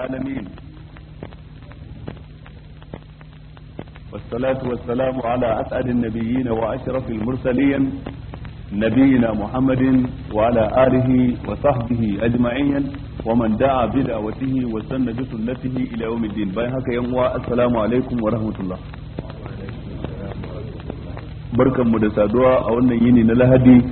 العالمين والصلاة والسلام على أسعد النبيين وأشرف المرسلين نبينا محمد وعلى آله وصحبه أجمعين ومن دعا بدعوته وسن بسنته إلى يوم الدين بايهاك يوم السلام عليكم ورحمة الله barkan mu da saduwa a wannan yini na lahadi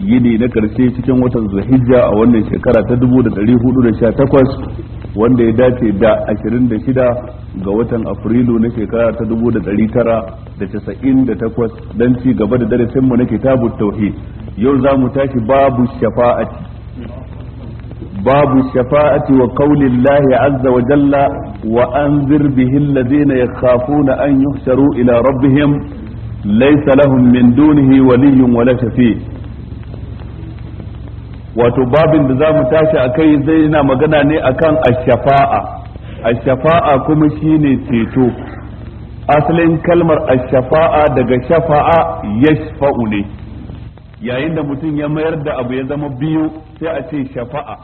yini na karshe cikin watan zulhijja a wannan shekara ta 1418 wanda ya dace da 26 ga watan afrilu na shekara ta takwas don ci gaba da mu na kitabun tauhid yau za mu tashi babu shafa'ati babu shafa'ati wa kaulin lahi azza wa jalla wa an zirbihin lazina ya an yuhsharu ila rabbihim laysa lahum min dunihi waliyyun wala shafi' wato babin da zamu tashi a kai zai yana magana ne akan ash-shafa'a ash-shafa'a kuma shine ceto asalin kalmar ash-shafa'a daga shafa'a yashfa'u ne yayin da mutum ya mayar da abu ya zama biyu sai a ce shafa'a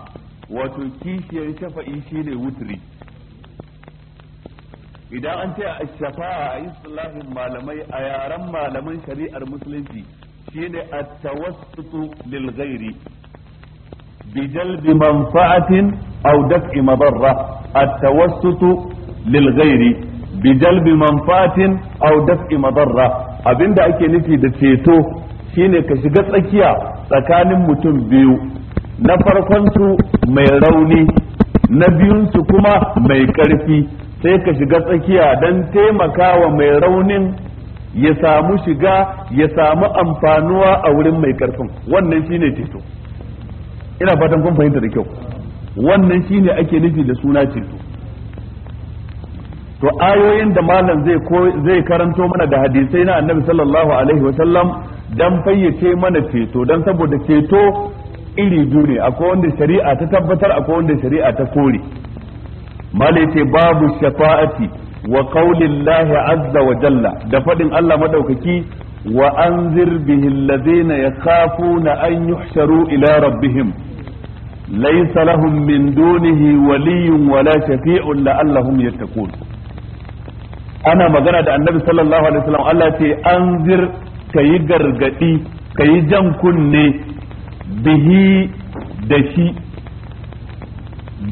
wato kishiyar shafa'i shine wutri idan an ce ash-shafa'a a istilahin malamai a yaren malaman shari'ar musulunci shine at-tawassutu lil ghairi بجلب منفعة أو دفع مضرة التوسط للغير بجلب منفعة أو دفع مضرة abin ake nufi da ceto shine ka shiga tsakiya tsakanin mutum biyu na farkonsu mai rauni na biyunsu kuma mai ƙarfi sai ka shiga tsakiya don taimakawa mai raunin ya samu shiga ya samu amfanuwa a wurin mai ƙarfin wannan shine ceto ina fatan kun fahimta da kyau wannan shine ake nufi da suna ceto to ayoyin da malam zai zai karanto mana da hadisai na annabi sallallahu alaihi wasallam dan fayyace mana ceto dan saboda ceto iri biyu ne akwai wanda shari'a ta tabbatar akwai wanda shari'a ta kore ce babu shafa'ati wa qaulin azza wa jalla da fadin Allah madaukaki wa anzir bihi alladhina yakhafuna an yuhsharu ila rabbihim ليس لهم من دونه ولي ولا شفيع لعلهم يتقون أنا مغنى دا النبي صلى الله عليه وسلم قال لك أنذر كي غرغتي كي جنكني به دشي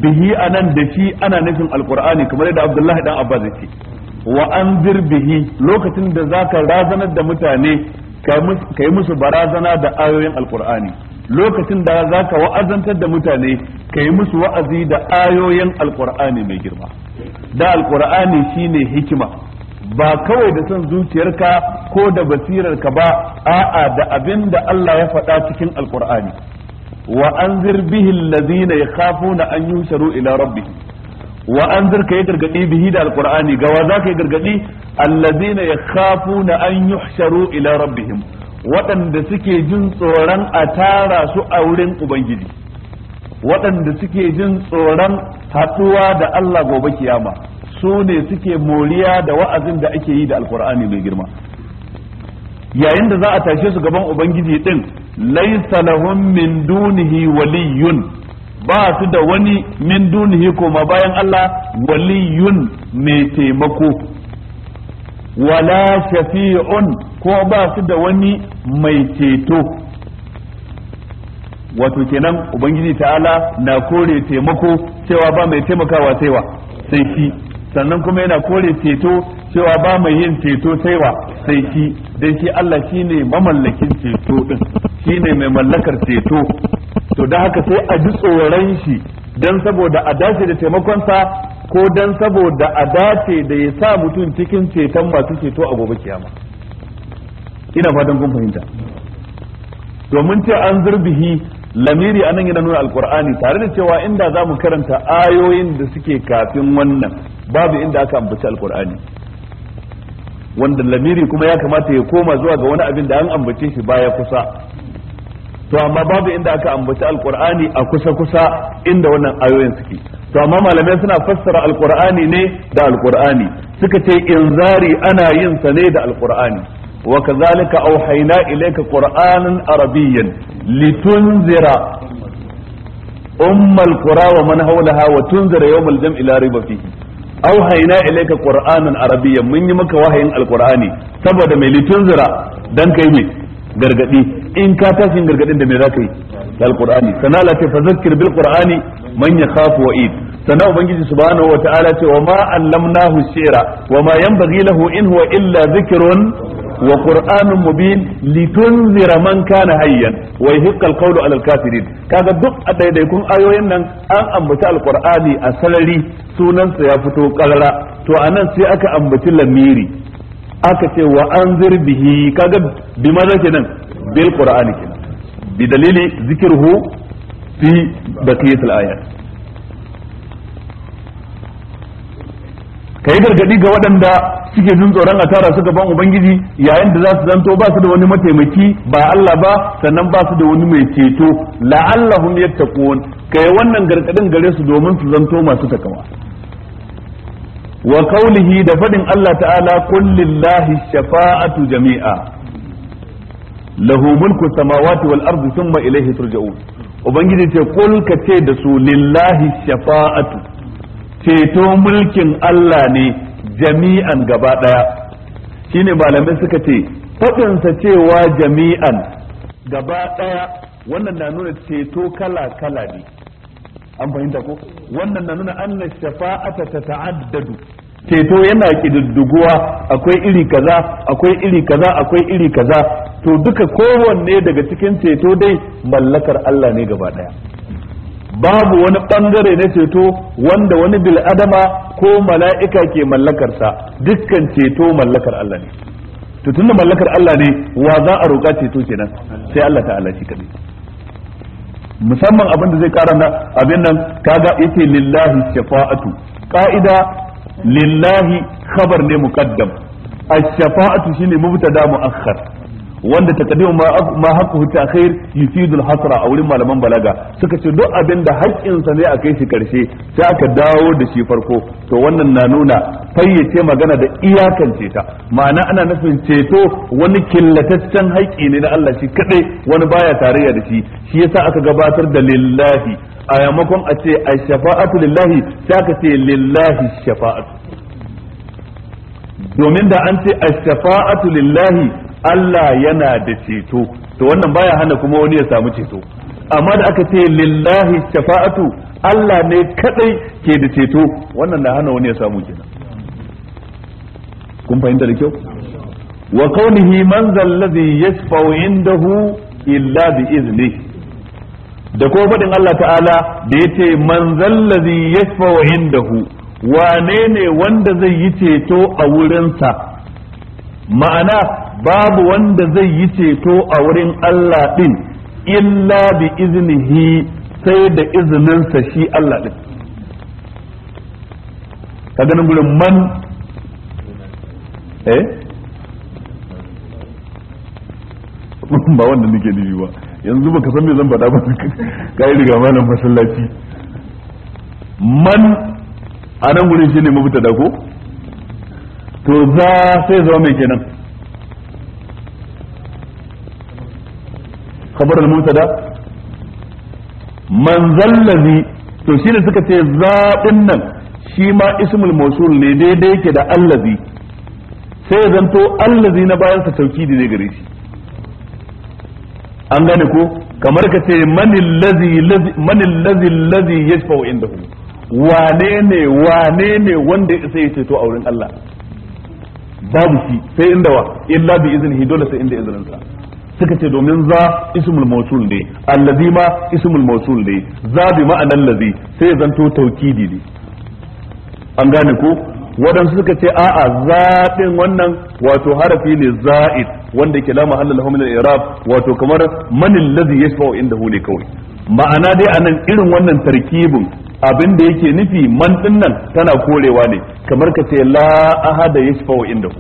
bihi anan da shi ana nufin alkur'ani kamar yadda abdullahi dan abbas yake wa anzir bihi lokacin da zaka razanar da mutane ka yi musu barazana da ayoyin alkur'ani lokacin da za ka wa'azantar da mutane ka yi musu wa'azi da ayoyin alkur'ani mai girma da alkur'ani shine hikima ba kawai da son zuciyarka ko da basirarka ba a'a da abin da Allah ya faɗa cikin alkur'ani wa anzir bihi allazina yakhafuna an yusharu ila wa anzir kai gargadi bihi da alkur'ani gawa za ka yi gargadi allazina yakhafuna an yusharu ila rabbihim waɗanda suke jin tsoron a tara su a wurin ubangiji waɗanda suke jin tsoron haɗuwa da Allah gobe kiyama su ne suke moriya da wa'azin da ake yi da alkur'ani mai girma yayin da za a tashe su gaban ubangiji ɗin, laisa lahum min dunihi waliyun ba su da wani min dunihi koma bayan Allah waliyun mai taimako wala shafi'un ko ba su da wani mai ceto wato kenan ubangiji ta'ala na kore taimako cewa ba mai taimakawa saiwa sai shi sannan kuma yana kore ceto cewa ba mai yin ceto saiwa sai shi dai shi Allah shine mamallakin ceto din shine mai mallakar ceto to da haka sai a ji tsoron shi dan saboda a dace da taimakonsa ko dan saboda a dace da ya sa mutum cikin ceton masu ceto a gobe kiyama ina fatan kun fahimta domin ce an zurbihi lamiri anan yana nuna alkur'ani tare da cewa inda za mu karanta ayoyin da suke kafin wannan babu inda aka ambaci alkur'ani wanda lamiri kuma ya kamata ya koma zuwa ga wani abin da an ambace shi baya kusa to amma babu inda aka ambaci alkur'ani a kusa kusa inda wannan ayoyin suke to amma malamai suna fassara alkur'ani ne da alkur'ani suka ce inzari ana yin sa ne da alkur'ani وكذلك أوحينا إليك قرآنا عربيا لتنذر أم القرى ومن حولها وتنذر يوم الجمع لا ريب فيه أوحينا إليك قرآنا عربيا من يمك وحي القرآن سبب من لتنذر دان كيمي gargadi in ka tashi gargadin da me za ka yi da alqur'ani sana la ta fazakkir bil qur'ani man yakhafu wa'id sannan ubangiji subhanahu wa ta'ala ce wa ma allamnahu shi'ra wa ma yanbaghi lahu in huwa illa dhikrun wa bi mubin litunzira man kana hayyan wai yahiqqa alqawlu ala kaga duk a daidaikun ayoyin nan an ambaci alqur'ani a salari sunansa ya fito karara to a nan sai aka ambaci lamiri aka ce wa anzir bihi kaga bi maza kenan bil qur'ani kenan bi dalili zikruhu fi baqiyatil ayat ka yi gargadi ga waɗanda suke jin tsoron a tara su gaban ubangiji yayin da za su zanto ba su da wani mataimaki ba Allah ba sannan ba su da wani mai ceto la'allahum yattaqun kai wannan gargadin gare su domin su zanto masu takawa wa qawlihi da faɗin Allah ta'ala kul lillahi shafa'atu jami'a lahu mulku samawati wal ardi thumma ilayhi turja'un ubangiji ce kul ce da su lillahi shafa'atu ceto mulkin Allah ne jami'an gaba daya shine malamin suka ce faɗinsa cewa jami'an gaba daya wannan na nuna ceto kala kala ne an fahimta ko wannan na nuna anna shafa'ata ta ta'addadu ceto yana kididduguwa akwai iri kaza akwai iri kaza akwai iri kaza to duka kowanne daga cikin ceto dai mallakar Allah ne gaba daya babu wani bangare na ceto wanda wani bil'adama ko mala'ika ke mallakarsa dukkan ceto mallakar Allah ne to tunda mallakar Allah ne wa za a roƙa ceto kenan sai Allah ta'ala shi kadai musamman abin da zai kara na abin nan kaga yake lillahi shafa'atu ka'ida lillahi khabar ne muqaddam ash-shafa'atu shine mubtada mu'akhkhar wanda taqdimu ma haqqu ta'khir yufidu al-hasra a wurin malaman balaga suka ce duk abin da haƙƙin sa ne a kai shi karshe sai aka dawo da shi farko to wannan na nuna fayyace magana da iyakance ta ma'ana ana nufin ceto wani killataccen haƙƙi ne na Allah shi kadai wani baya tarayya da shi shi yasa aka gabatar da lillahi a yamakon a ce a shafa'atu lillahi sai aka ce lillahi shafa'atu domin da an ce a shafa'atu lillahi Allah yana da ceto to wannan baya hana kuma wani ya samu ceto amma da aka ce lillahi shafa'atu Allah ne kadai ke da ceto wannan na hana wani ya samu kenan kun fahimta da kyau wa qawlihi man ladhi yashfa'u indahu illa bi izni da ko fadin Allah ta'ala da yace man ladhi yashfa'u indahu wane ne wanda zai yi ceto a wurinsa ma'ana babu wanda zai yi ceto a wurin Allah din illa bi iznihi sai da izininsa shi Allah din ka ganin gurin man eh ba wanda nake nufi ba yanzu baka san me zan faɗa ba ka yi riga malam masallaci man a nan gurin shine da ko to za sai zama mai kenan kamar al da, man zallazi to shine suka ce zaɓin nan shi ma ismul mawsul ne daidai ke da allazi sai zanto allazi na bayan sa taukidi ne gare shi an gane ko kamar ka ce manin lazi lazi ya shafa wa inda wane ne wane ne wanda ya ya ceto a wurin Allah babu shi sai inda wa illa bi iznihi dole sai inda sa. suka ce domin za ismul mawsul ne allazi ma ismul mawsul ne za bi ma'anan allazi sai ya zanto taukidi ne an gane ko waɗansu suka ce a'a zaɗin wannan wato harafi ne za'id wanda ke la mahalla lahu min irab wato kamar man allazi yashfa'u indahu ne kawai ma'ana dai a nan irin wannan tarkibin abin da yake nufi man din nan tana korewa ne kamar ka ce la ahada inda indahu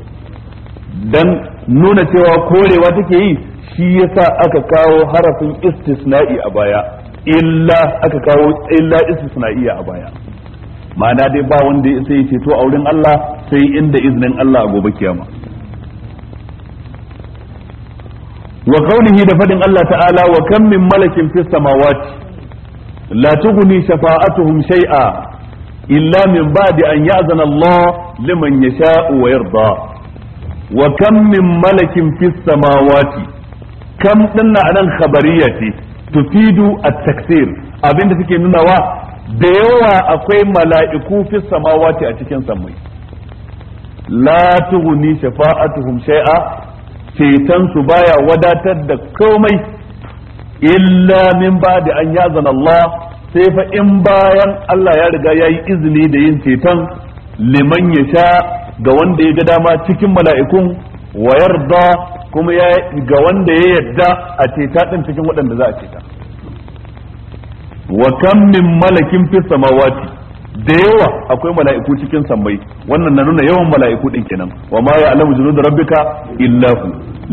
dan nuna cewa korewa take yi shi yasa aka kawo harafin istisna'i a baya illa aka kawo illa istisna'iyya a baya ma'ana dai ba wanda ya sai ceto a wurin Allah sai inda iznin Allah a gobe kiyama wa qawlihi da fadin Allah ta'ala wa kam min malakin fis samawati la tughni shafa'atuhum shay'a illa min ba'di an ya'zana Allah liman yasha'u wa yarda wa kam min malakin fis samawati kam dinna anan khabariya ce tufidu at-taksir abinda nuna wa da yawa akwai mala'iku fi samawati a cikin sammai la tughni shafa'atuhum shay'a cetan su baya wadatar da komai illa min ba'di an yazana Allah sai fa in bayan Allah ya riga yayi izini da yin ceton liman ya sha ga wanda ya ga dama cikin mala'ikun wa yarda kuma ya ga wanda ya yadda a ceta din cikin waɗanda za a ceta wa kam min malakin fi samawati da yawa akwai mala'iku cikin sammai wannan na nuna yawan mala'iku din kenan wa ma ya'lamu junud rabbika illa hu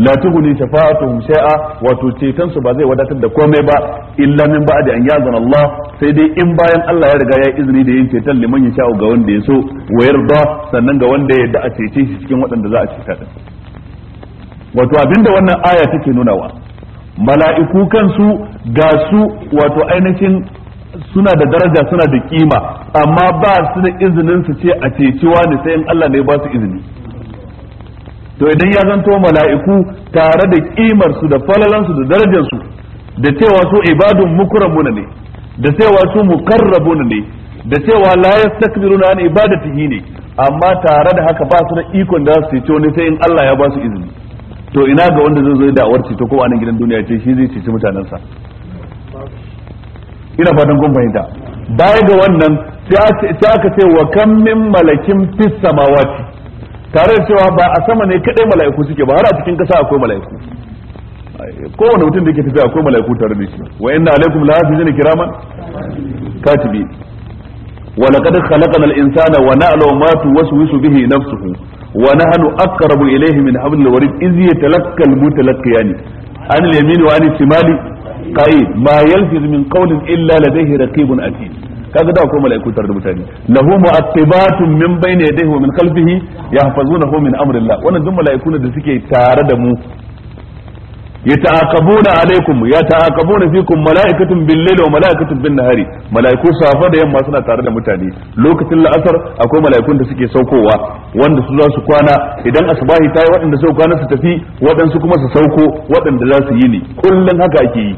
la tughni shafa'atuhum shay'a wato ceton su ba zai wadatar da komai ba illa min ba'di an ya'zana Allah sai dai in bayan Allah ya riga ya yi izini da yin ceton liman ya sha'u ga wanda ya so wa yarda sannan ga wanda ya da a cece shi cikin waɗanda za a ceta din wato abinda wannan aya take nunawa mala'iku kansu ga su wato ainihin suna da daraja suna da kima amma ba su da izinin su ce a cecewa ne sai in Allah ne ba su izini to idan ya zanto mala'iku tare da kimar su da falalan su da darajar su da cewa su ibadun mukramuna ne da cewa su mukarrabuna ne da cewa la yastakbiruna an ibadatihi ne amma tare da haka ba su da ikon da su ce ne sai in Allah ya ba su izini to ina ga wanda zai zo da awar ceto ko a gidan duniya ce shi zai ceci mutanensa ina fatan kun fahimta baya ga wannan sai aka ce wa kam min malakin fis samawati tare da cewa ba a sama ne kadai mala'iku suke ba har a cikin kasa akwai mala'iku kowane mutum da yake tafiya akwai mala'iku tare da shi wa inna alaikum la hafizina kiraman katibi wa laqad khalaqna al-insana wa na'lamu ma tuwaswisu bihi nafsuhu wa nahnu aqrabu ilayhi min hablil warid iz yatalakka al mutalaqiyani an al yamin wa an al shimali qa'id ma min qawlin illa ladayhi raqibun atid kaga da akwai mala'iku tare da mutane lahu mu'aqibatun min bayni yadayhi wa min khalfihi yahfazunahu min amrillah wannan duk mala'iku ne da suke tare da mu yata'aqabuna alaikum yata'aqabuna fikum mala'ikatun bil layli wa mala'ikatun bin nahari mala'iku safa da yamma suna tare da mutane lokacin la'asar akwai mala'ikun da suke saukowa wanda su zasu kwana idan asbahi ta yi waɗanda su kwana su tafi waɗansu kuma su sauko waɗanda za su yi ne kullum haka ake yi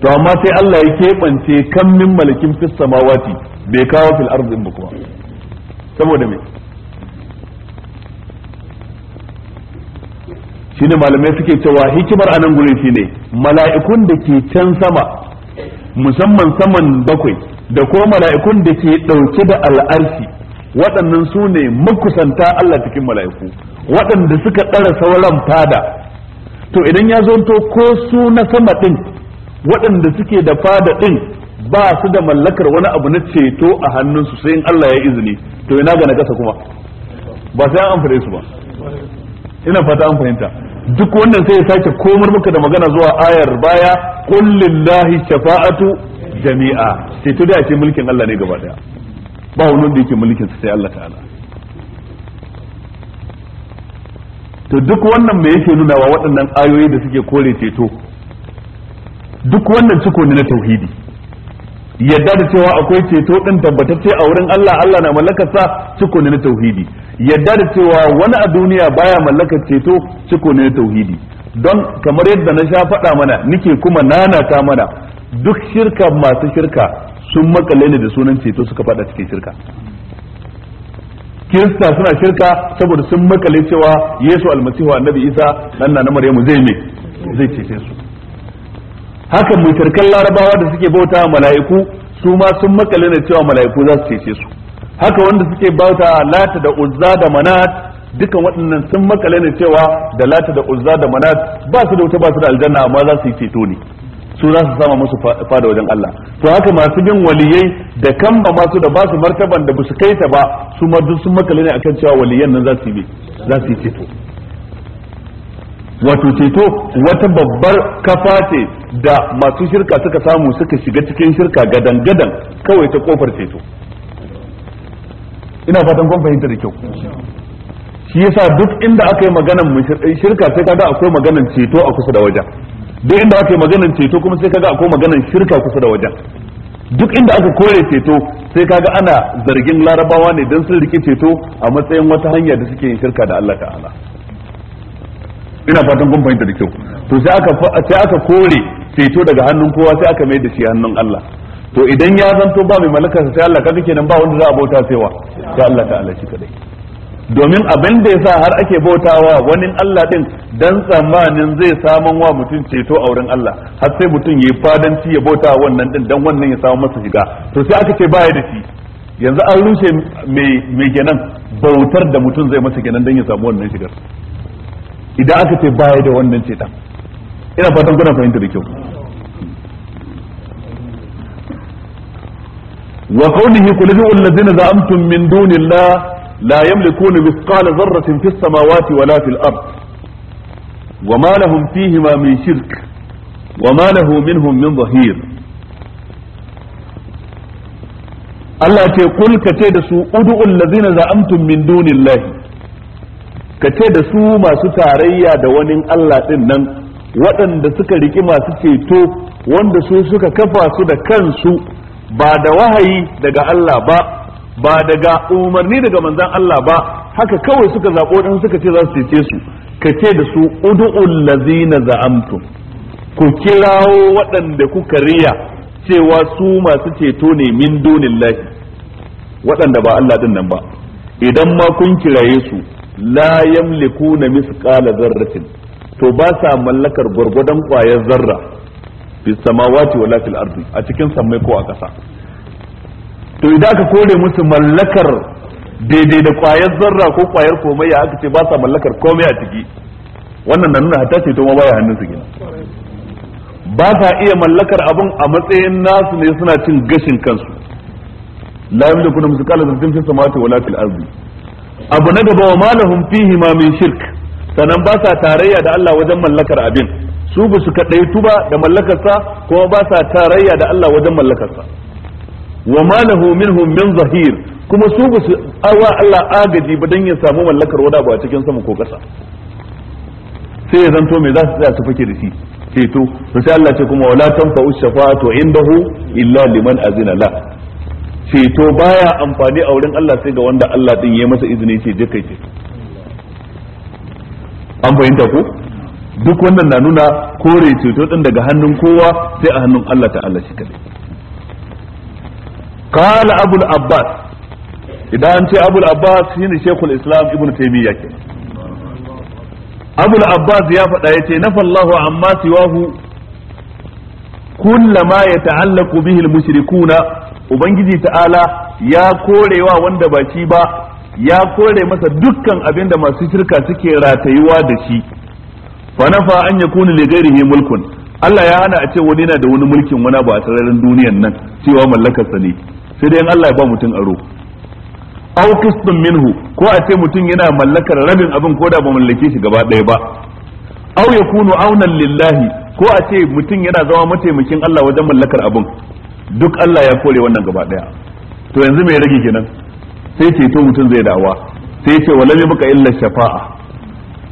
to amma sai Allah ya keɓance kan min malakin fis samawati bai kawo fil ardi ba saboda me shine malamai suke cewa hikimar a nan gurin shine mala'ikun da ke can sama musamman saman bakwai da ko mala'ikun da ke ɗauke da al'arshi waɗannan su ne makusanta Allah cikin mala'iku waɗanda suka ɗara sauran fada to idan ya zonto ko su na sama ɗin waɗanda suke da fada ɗin ba su da mallakar wani abu na ceto a hannunsu sai in Allah ya izini to ina gana kasa kuma ba sai an amfane su ba ina fata an fahimta duk wannan sai ya sake komar muka da magana zuwa ayar baya qul lillahi shafa'atu jami'a sai to da mulkin Allah ne gaba daya ba wani wanda yake mulkin sai Allah ta'ala to duk wannan me yake nuna wa waɗannan ayoyi da suke kore ceto duk wannan ciko ne na tauhidi yadda da cewa akwai ceto din tabbatacce a wurin Allah Allah na mallakar sa ciko ne na tauhidi yadda da cewa wani a duniya baya mallakar ceto ciko ne na tauhidi don kamar yadda na sha faɗa mana nike kuma nanata mana duk shirka masu shirka sun makale ne da sunan ceto suka faɗa cikin shirka kirista suna shirka saboda sun makale cewa yesu almasihu annabi isa nan na maryamu zai me zai cece su haka mutarkan larabawa da suke bauta mala'iku su ma sun makale ne cewa mala'iku za su cece su haka wanda suke bauta lata da uzza da manat dukan waɗannan sun makale ne cewa da lata da uzza da manat ba su da wuta ba su da aljanna amma za su yi ceto ne su za su sama musu fada wajen Allah to haka masu bin waliyyai da kan ba masu da ba su martaban da ba su kai ta ba su ma duk sun makale ne akan cewa waliyan nan za su yi za su yi ceto wato ceto wata babbar kafa ce da masu shirka suka samu suka shiga cikin shirka gadan-gadan kawai ta kofar ceto ina fatan kun fahimta da kyau shi yasa duk inda aka yi maganan shirka sai kaga akwai maganan ceto a kusa da wajen duk inda aka yi maganan ceto kuma sai kaga akwai maganan shirka kusa da wajen duk inda aka kore ceto sai kaga ana zargin larabawa ne don sun rike ceto a matsayin wata hanya da suke yin shirka da Allah ta'ala ina fatan kun fahimta da kyau to sai aka sai aka kore ceto daga hannun kowa sai aka mai da shi hannun Allah to idan ya zanto ba mai mallakar sai Allah kaga kenan ba wanda za a bauta sai wa sai Allah ta'ala shi kadai domin abin da yasa har ake bautawa wani Allah din dan tsammanin zai saman wa mutum ceto a wurin Allah har sai mutum yayi fadanci ya bauta wannan din dan wannan ya samu masa shiga to sai aka ce baya da shi yanzu an rushe mai kenan bautar da mutum zai masa kenan dan ya samu wannan shigar idan aka ce baya da wannan cetan ina fatan kuna fahimta da kyau wa qawlihi qul huwa za'amtum min dunillah la yamlikuna mithqala dharratin fis samawati wala fil ard وما لهم فيهما shirk شرك وما له منهم من ظهير Allah ce kul ka ce da su udu'ul ladzina za'amtum min dunillahi ka ce da su masu tarayya da wani Allah ɗin nan waɗanda suka riki masu ceto wanda su suka kafa su da kansu ba da wahayi daga Allah ba ba daga umarni daga manzan Allah ba haka kawai suka zaɓo ɗin suka ce za su cece su ka ce da su udu'ul lazina za'amtu, ku kirawo waɗanda kuka riya cewa su masu ceto ne min dunillahi waɗanda ba Allah ɗin nan ba idan ma kun kiraye su la yamlikuna misqala dharratin to ba sa mallakar gwargwadon kwayar zarra fi samawati wala fil ardi a cikin sammai ko a ƙasa to idan aka kore musu mallakar daidai da kwayar zarra ko kwayar komai ya aka ce ba sa mallakar komai a ciki wannan na nuna hatta ce to ma baya hannun su gina ba sa iya mallakar abun a matsayin nasu ne suna cin gashin kansu la yamlikuna misqala dharratin fi samawati wala fil ardi abu na gaba wa malahum fihi ma min shirk sanan ba sa tarayya da Allah wajen mallakar abin su ba su kadaitu ba da mallakarsa kuma ba sa tarayya da Allah wajen mallakarsa wa malahu minhum min zahir kuma su basu su awa Allah agaji ba dan ya samu mallakar wada ba cikin sama ko kasa sai ya zanto me za su tsaya su fake da shi ceto to sai Allah ce kuma wala tanfa'u shafa'atu indahu illa liman azina la ceto baya amfani a wurin Allah sai ga wanda Allah din ya masa izini ce je kai ceto an fahimta ko duk wannan na nuna kore ceto din daga hannun kowa sai a hannun Allah ta'ala shi kadai qala abul abbas idan an ce abul abbas shine shekul islam ibn taymiya ke abul abbas ya faɗa yace fallahu amma siwahu kullama yata'allaqu bihi al-mushrikuna ubangiji ta'ala ya korewa wanda ba shi ba ya kore masa dukkan abin da masu shirka suke ratayuwa da shi fa nafa an yakuna li ghairihi mulkun Allah ya hana a ce wani yana da wani mulkin wani ba a sararin duniyan nan cewa mallakar sa ne sai dai Allah ya ba mutum aro aw qistun minhu ko a ce mutum yana mallakar rabin abin ko da ba mallake shi gaba ɗaya ba aw yakunu aunan lillahi ko a ce mutum yana zama mataimakin Allah wajen mallakar abin duk Allah ya kore wannan gaba daya to yanzu mai rage kenan sai ceto mutum zai dawa sai ce mai baka illa shafa'a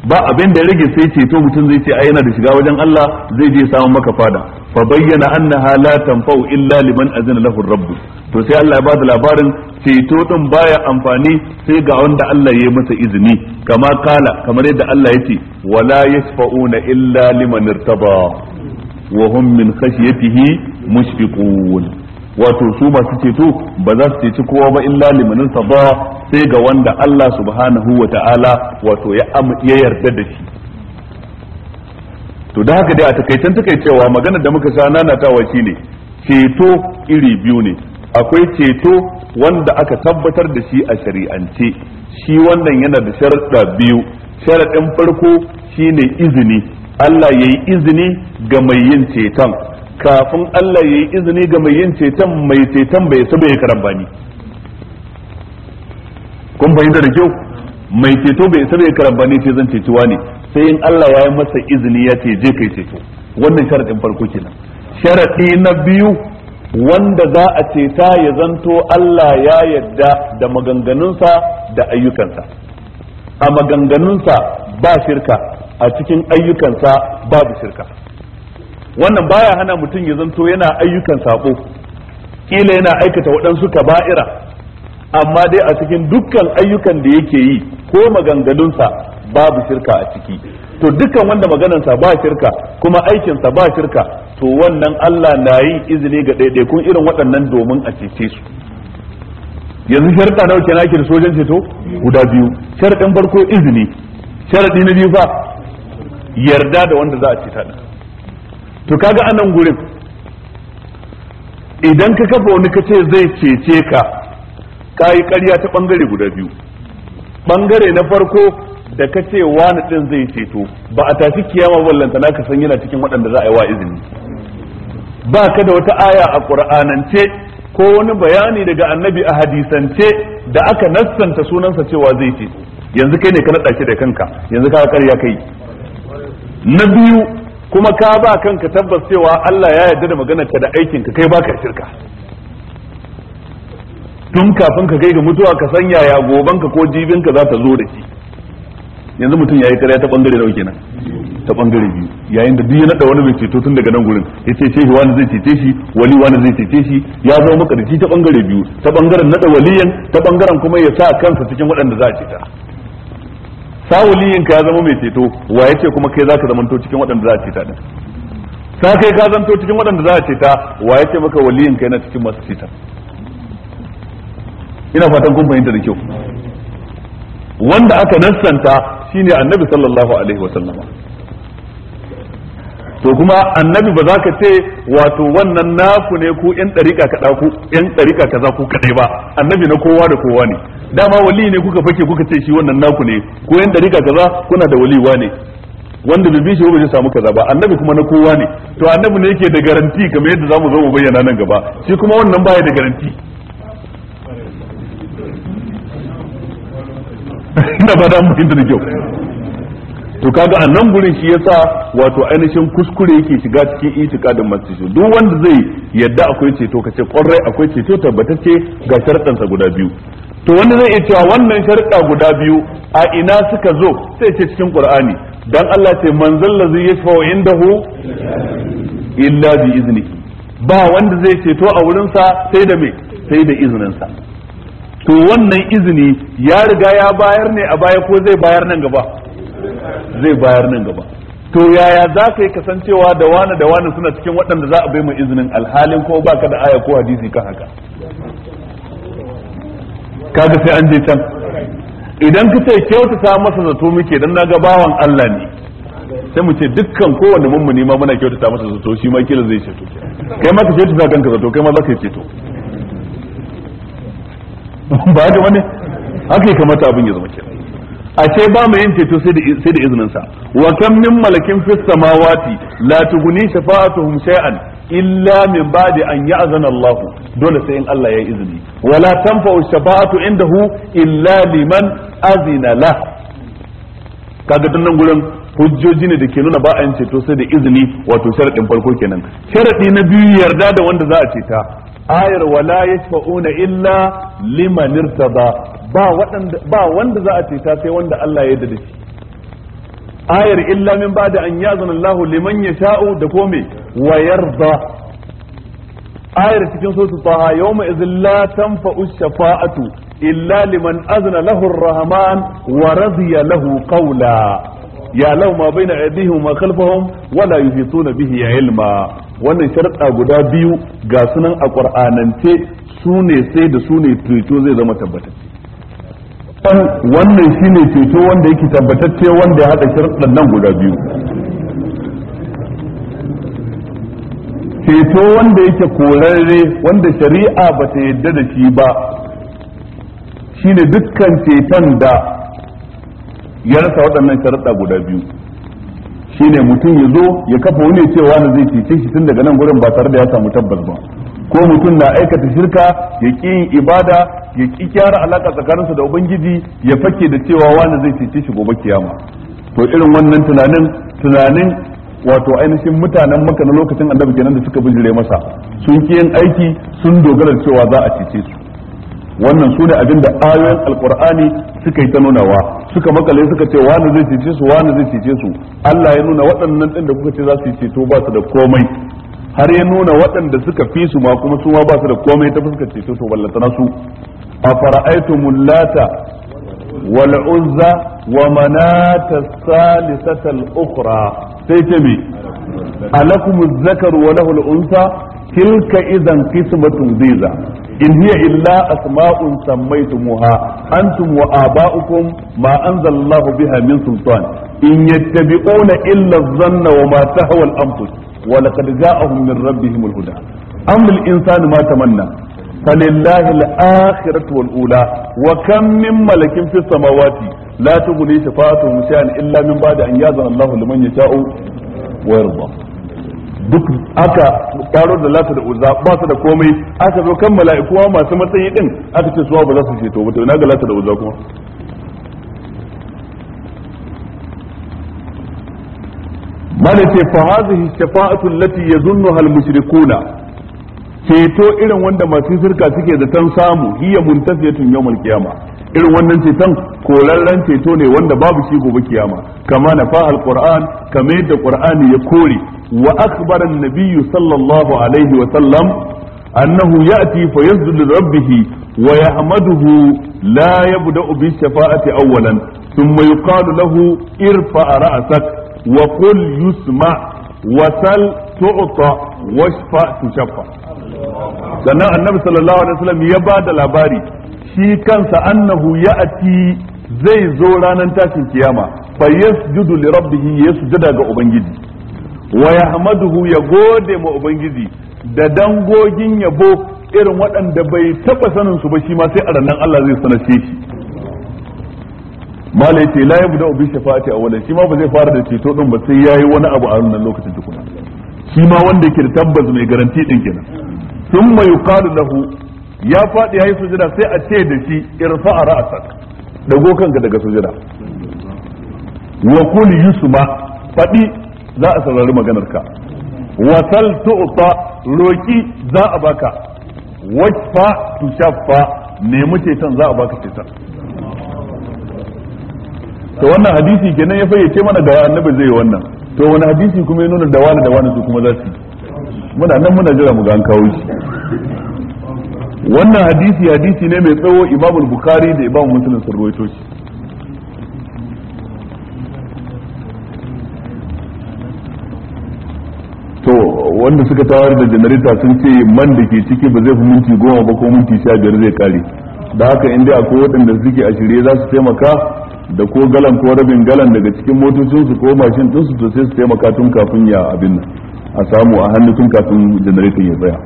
ba abin da rage sai ceto mutum zai ce ai yana da shiga wajen Allah zai je samun maka fada fa bayyana annaha la tanfa'u illa liman azina lahu rabb to sai Allah ya bada labarin ceto din baya amfani sai ga wanda Allah ya yi masa izini kama kala kamar yadda Allah ya ce wala yasfa'una illa liman irtaba wa hum min khashyatihi mushfiqun wato su masu ceto ba za su ceci kowa ba illa limanin ba sai ga wanda Allah subhanahu wa ta'ala wato ya ya yarda da shi to da haka dai a takaicen takaicewa magana da muka sha nanatawa ne ceto iri biyu ne akwai ceto wanda aka tabbatar da shi a shari'ance shi wannan yana da sharaɗa biyu sharaɗin farko shine izini Allah ya yi izini ga mai yin ceton kafin Allah ya yi izini ga mai yin ceton mai ceton bai saba ya karambani kun bai da kyau mai ceto bai saba ya karambani ce zan cetuwa ne sai in Allah ya yi masa izini ya ce je kai ceto wannan sharadin farko kenan Sharaɗi na biyu wanda za a ceta ya zanto Allah ya yadda da maganganunsa da ayyukansa a maganganunsa ba shirka a cikin ayyukansa babu shirka wannan baya hana mutum ya zanto yana ayyukan sabo kila yana aikata waɗansu kaba'ira amma dai a cikin dukkan ayyukan da yake yi ko maganganunsa babu shirka a ciki to dukkan wanda maganarsa ba shirka kuma aikinsa ba shirka to wannan Allah na yin izini ga ɗaiɗaikun irin waɗannan domin a cece su yanzu sharɗa nawa kenan ake da sojan ceto guda biyu sharɗin farko izini sharɗi na biyu fa yarda da wanda za a ceta din to kaga anan gurin idan ka kafa wani kace zai cece ka ka yi ƙarya ta bangare guda biyu ɓangare na farko da ka ce wani din zai ceto ba a tafi kiyama wallanta na ka san yana cikin waɗanda za a yi wa izini ba ka da wata aya a ƙur'anance ko wani bayani daga annabi a hadisance da aka nassanta sunansa cewa zai ceto yanzu kai ne ka naɗa shi da kanka yanzu ka karya kai na biyu kuma ka ba kanka tabbas cewa Allah ya yarda da maganarka da aikinka kai baka shirka tun kafin ka kai ga mutuwa ka san yaya gobanka ko jibinka za ta zo da shi yanzu mutum yayi karya ta bangare nawa kenan ta bangare biyu yayin da duk ya nada wani bai ceto tun daga nan gurin yace shi wani zai cece shi wali wani zai cece shi ya zo zama makarci ta bangare biyu ta bangaren nada waliyan ta bangaren kuma ya sa kansa cikin waɗanda za a ceta sawuliyin ka ya zama mai ceto wa yace kuma kai zaka to cikin waɗanda za a ceta din kai ka zanto cikin waɗanda za a ceta wa yace maka waliyin ka yana cikin masu ceta ina fatan kun fahimta da kyau wanda aka nassanta shine annabi sallallahu alaihi Wasallama. to kuma annabi ba za ka ce wato wannan naku ne ku yan ɗariƙa ka ɗaku yan ka kaza ku kaɗai ba annabi na kowa da kowa ne dama wali ne kuka fake kuka ce shi wannan naku ne ko yan ka kaza kuna da wali ne wanda bai shi ba zai samu kaza ba annabi kuma na kowa ne to annabi ne yake da garanti kamar yadda zamu zo mu bayyana nan gaba shi kuma wannan baya da garanti na ba da mun da kyau to kaga a nan gurin shi yasa wato ainihin kuskure yake shiga cikin itikadin masu duk wanda zai yadda akwai ceto kace kwarai akwai ceto tabbatacce ga sharɗansa guda biyu to wanda zai iya cewa wannan sharɗa guda biyu a ina suka zo sai ce cikin qur'ani dan Allah ce manzal ladzi inda indahu illa bi izini. ba wanda zai ceto a wurinsa sai da me sai da izininsa to wannan izini ya riga ya bayar ne a baya ko zai bayar nan gaba zai bayar nan gaba to yaya za ka yi kasancewa da wani da wani suna cikin waɗanda za a bai mu izinin alhalin ko baka da aya ko hadisi kan haka kaga sai an je can idan ka ce kyautata masa zato muke dan ga bawan Allah ne sai mu ce dukkan kowanne mummuni ma muna kyautata masa zato shi ma kila zai to kai ma ka kyautata kanka zato kai ma za ka to ba da wani haka yi kamata abin ya zama kenan ashe ba mu yin ceto sai da izinin sa wa kam min malakin fis samawati la tughni shafa'atuhum shay'an illa min ba'di an ya'zana Allah dole sai in Allah ya izini wala tanfa'u shafa'atu indahu illa liman azina la kaga dan nan gurin hujjoji ne da ke nuna ba a yin ceto sai da izini wato sharadin farko kenan sharadi na biyu yarda da wanda za a ceta ayar wala yashfa'una illa liman irtada ba wanda za a ceta sai wanda Allah ya yarda da shi ayar illa min ba da an yazana Allah liman yasha'u da kome wa yarda ayar cikin suratul taha yawma idhil la tanfa'u shafa'atu illa liman azna lahu rahman wa radiya lahu qawla ya lahu ma baina aydihim wa khalfahum wa la yuhituna bihi ilma wannan sharda guda biyu ga sunan a su sune sai da sune tuto zai zama tabbatacce wannan shine ceto wanda yake tabbatacce wanda ya hada sharuɗan nan guda biyu ceto wanda yake korarre wanda shari'a ba ta yadda da shi ba shine dukkan ceton da ya rasa waɗannan sharuɗa guda biyu shine mutum ya zo ya kafa wani cewa na zai cece shi tun daga nan gurin ba tare da ya samu tabbas ba ko mutum na aikata shirka ya ƙi ibada ya ki kyara alaka tsakaninsa da ubangiji ya fake da cewa wani zai cece shi gobe kiyama to irin wannan tunanin tunanin wato ainihin mutanen maka na lokacin annabi kenan da suka bijire masa sun ki aiki sun dogara cewa za a cece su wannan su ne abin da ayoyin alkur'ani suka yi ta nunawa suka makale suka ce wani zai cece su wani zai cece su Allah ya nuna waɗannan ɗin da kuka ce za su yi ceto ba su da komai har ya nuna waɗanda suka fi su ma kuma su ma ba su da komai ta fuskar ceto to ballantana su أفرأيتم اللات والعزى ومناة الثالثة الأخرى سيتمي ألكم الذكر وله الأنثى تلك إذا قسمة ضيزى إن هي إلا أسماء سميتموها أنتم وآباؤكم ما أنزل الله بها من سلطان إن يتبعون إلا الظن وما تهوى الأنفس ولقد جاءهم من ربهم الهدى أم الإنسان ما تمنى فلله الآخرة والأولى وكم من ملك في السماوات لا تغني شفاعتهم شيئا إلا من بعد أن يأذن الله لمن يشاء ويرضى duk aka karo da lata da uzza ba su da komai aka zo kan mala'ikuwa masu matsayi din aka ce suwa ba za su ce to to na ga lata da uzza kuma mala ce fa hadhihi shafa'atu allati yazunnuha al-mushrikuna ceto irin wanda masu sirka suke da tan samu hiya muntasiyatun yawmal qiyama irin wannan ceton korarren ceto ne wanda babu shi gobe kiyama kama na fa'al qur'an kama yadda qur'ani ya kore wa akhbara an-nabiyyu sallallahu alaihi wa sallam annahu ya'ti fa yazdu rabbihi wa yahmaduhu la yabda'u bi shafa'ati awwalan thumma yuqalu lahu irfa ra'sak wa qul yusma wa sal tu'ta washfa tushaffa sannan annabi sallallahu alaihi wasallam ya ba da labari shi kansa annahu ya'ti zai zo ranar tashin kiyama fa yasjudu li rabbih yasjuda ga ubangiji wa yahmaduhu ya gode ma ubangiji da dangogin yabo irin waɗanda bai taba sanin su ba shi ma sai a Allah zai sanace shi malai ce la da bi shafa'ati awwalan shi ma ba zai fara da ceto din ba sai yayi wani abu a wannan lokacin tukuna shi ma wanda yake da tabbas mai garanti din kenan thumma yuqalu lahu ya faɗi fadi yi sujada sai a ce da shi irfa ra'sak dago kanka daga sujada wa qul yusma faɗi za a saurari maganarka wa sal tu'ta roki za a baka wajfa tushaffa nemi ceton za a baka ceton to wannan hadisi kenan ya fayyace mana ga annabi zai yi wannan to wani hadisi kuma ya nuna da wani da wani su kuma za su muna nan muna jira mu ga an kawo shi wannan hadisi hadisi ne mai tsawo imamul bukhari da imam muslim sun ruwaito shi to wanda suka tawar da janareta sun ce man da ke ciki ba zai fi minti goma ba ko minti sha biyar zai kare da haka inda akwai waɗanda suke a shirye za su taimaka da ko galan ko rabin galan daga cikin motocin su ko mashin su to sai su taimaka tun kafin ya abin nan a samu a hannu tun kafin generator ya tsaya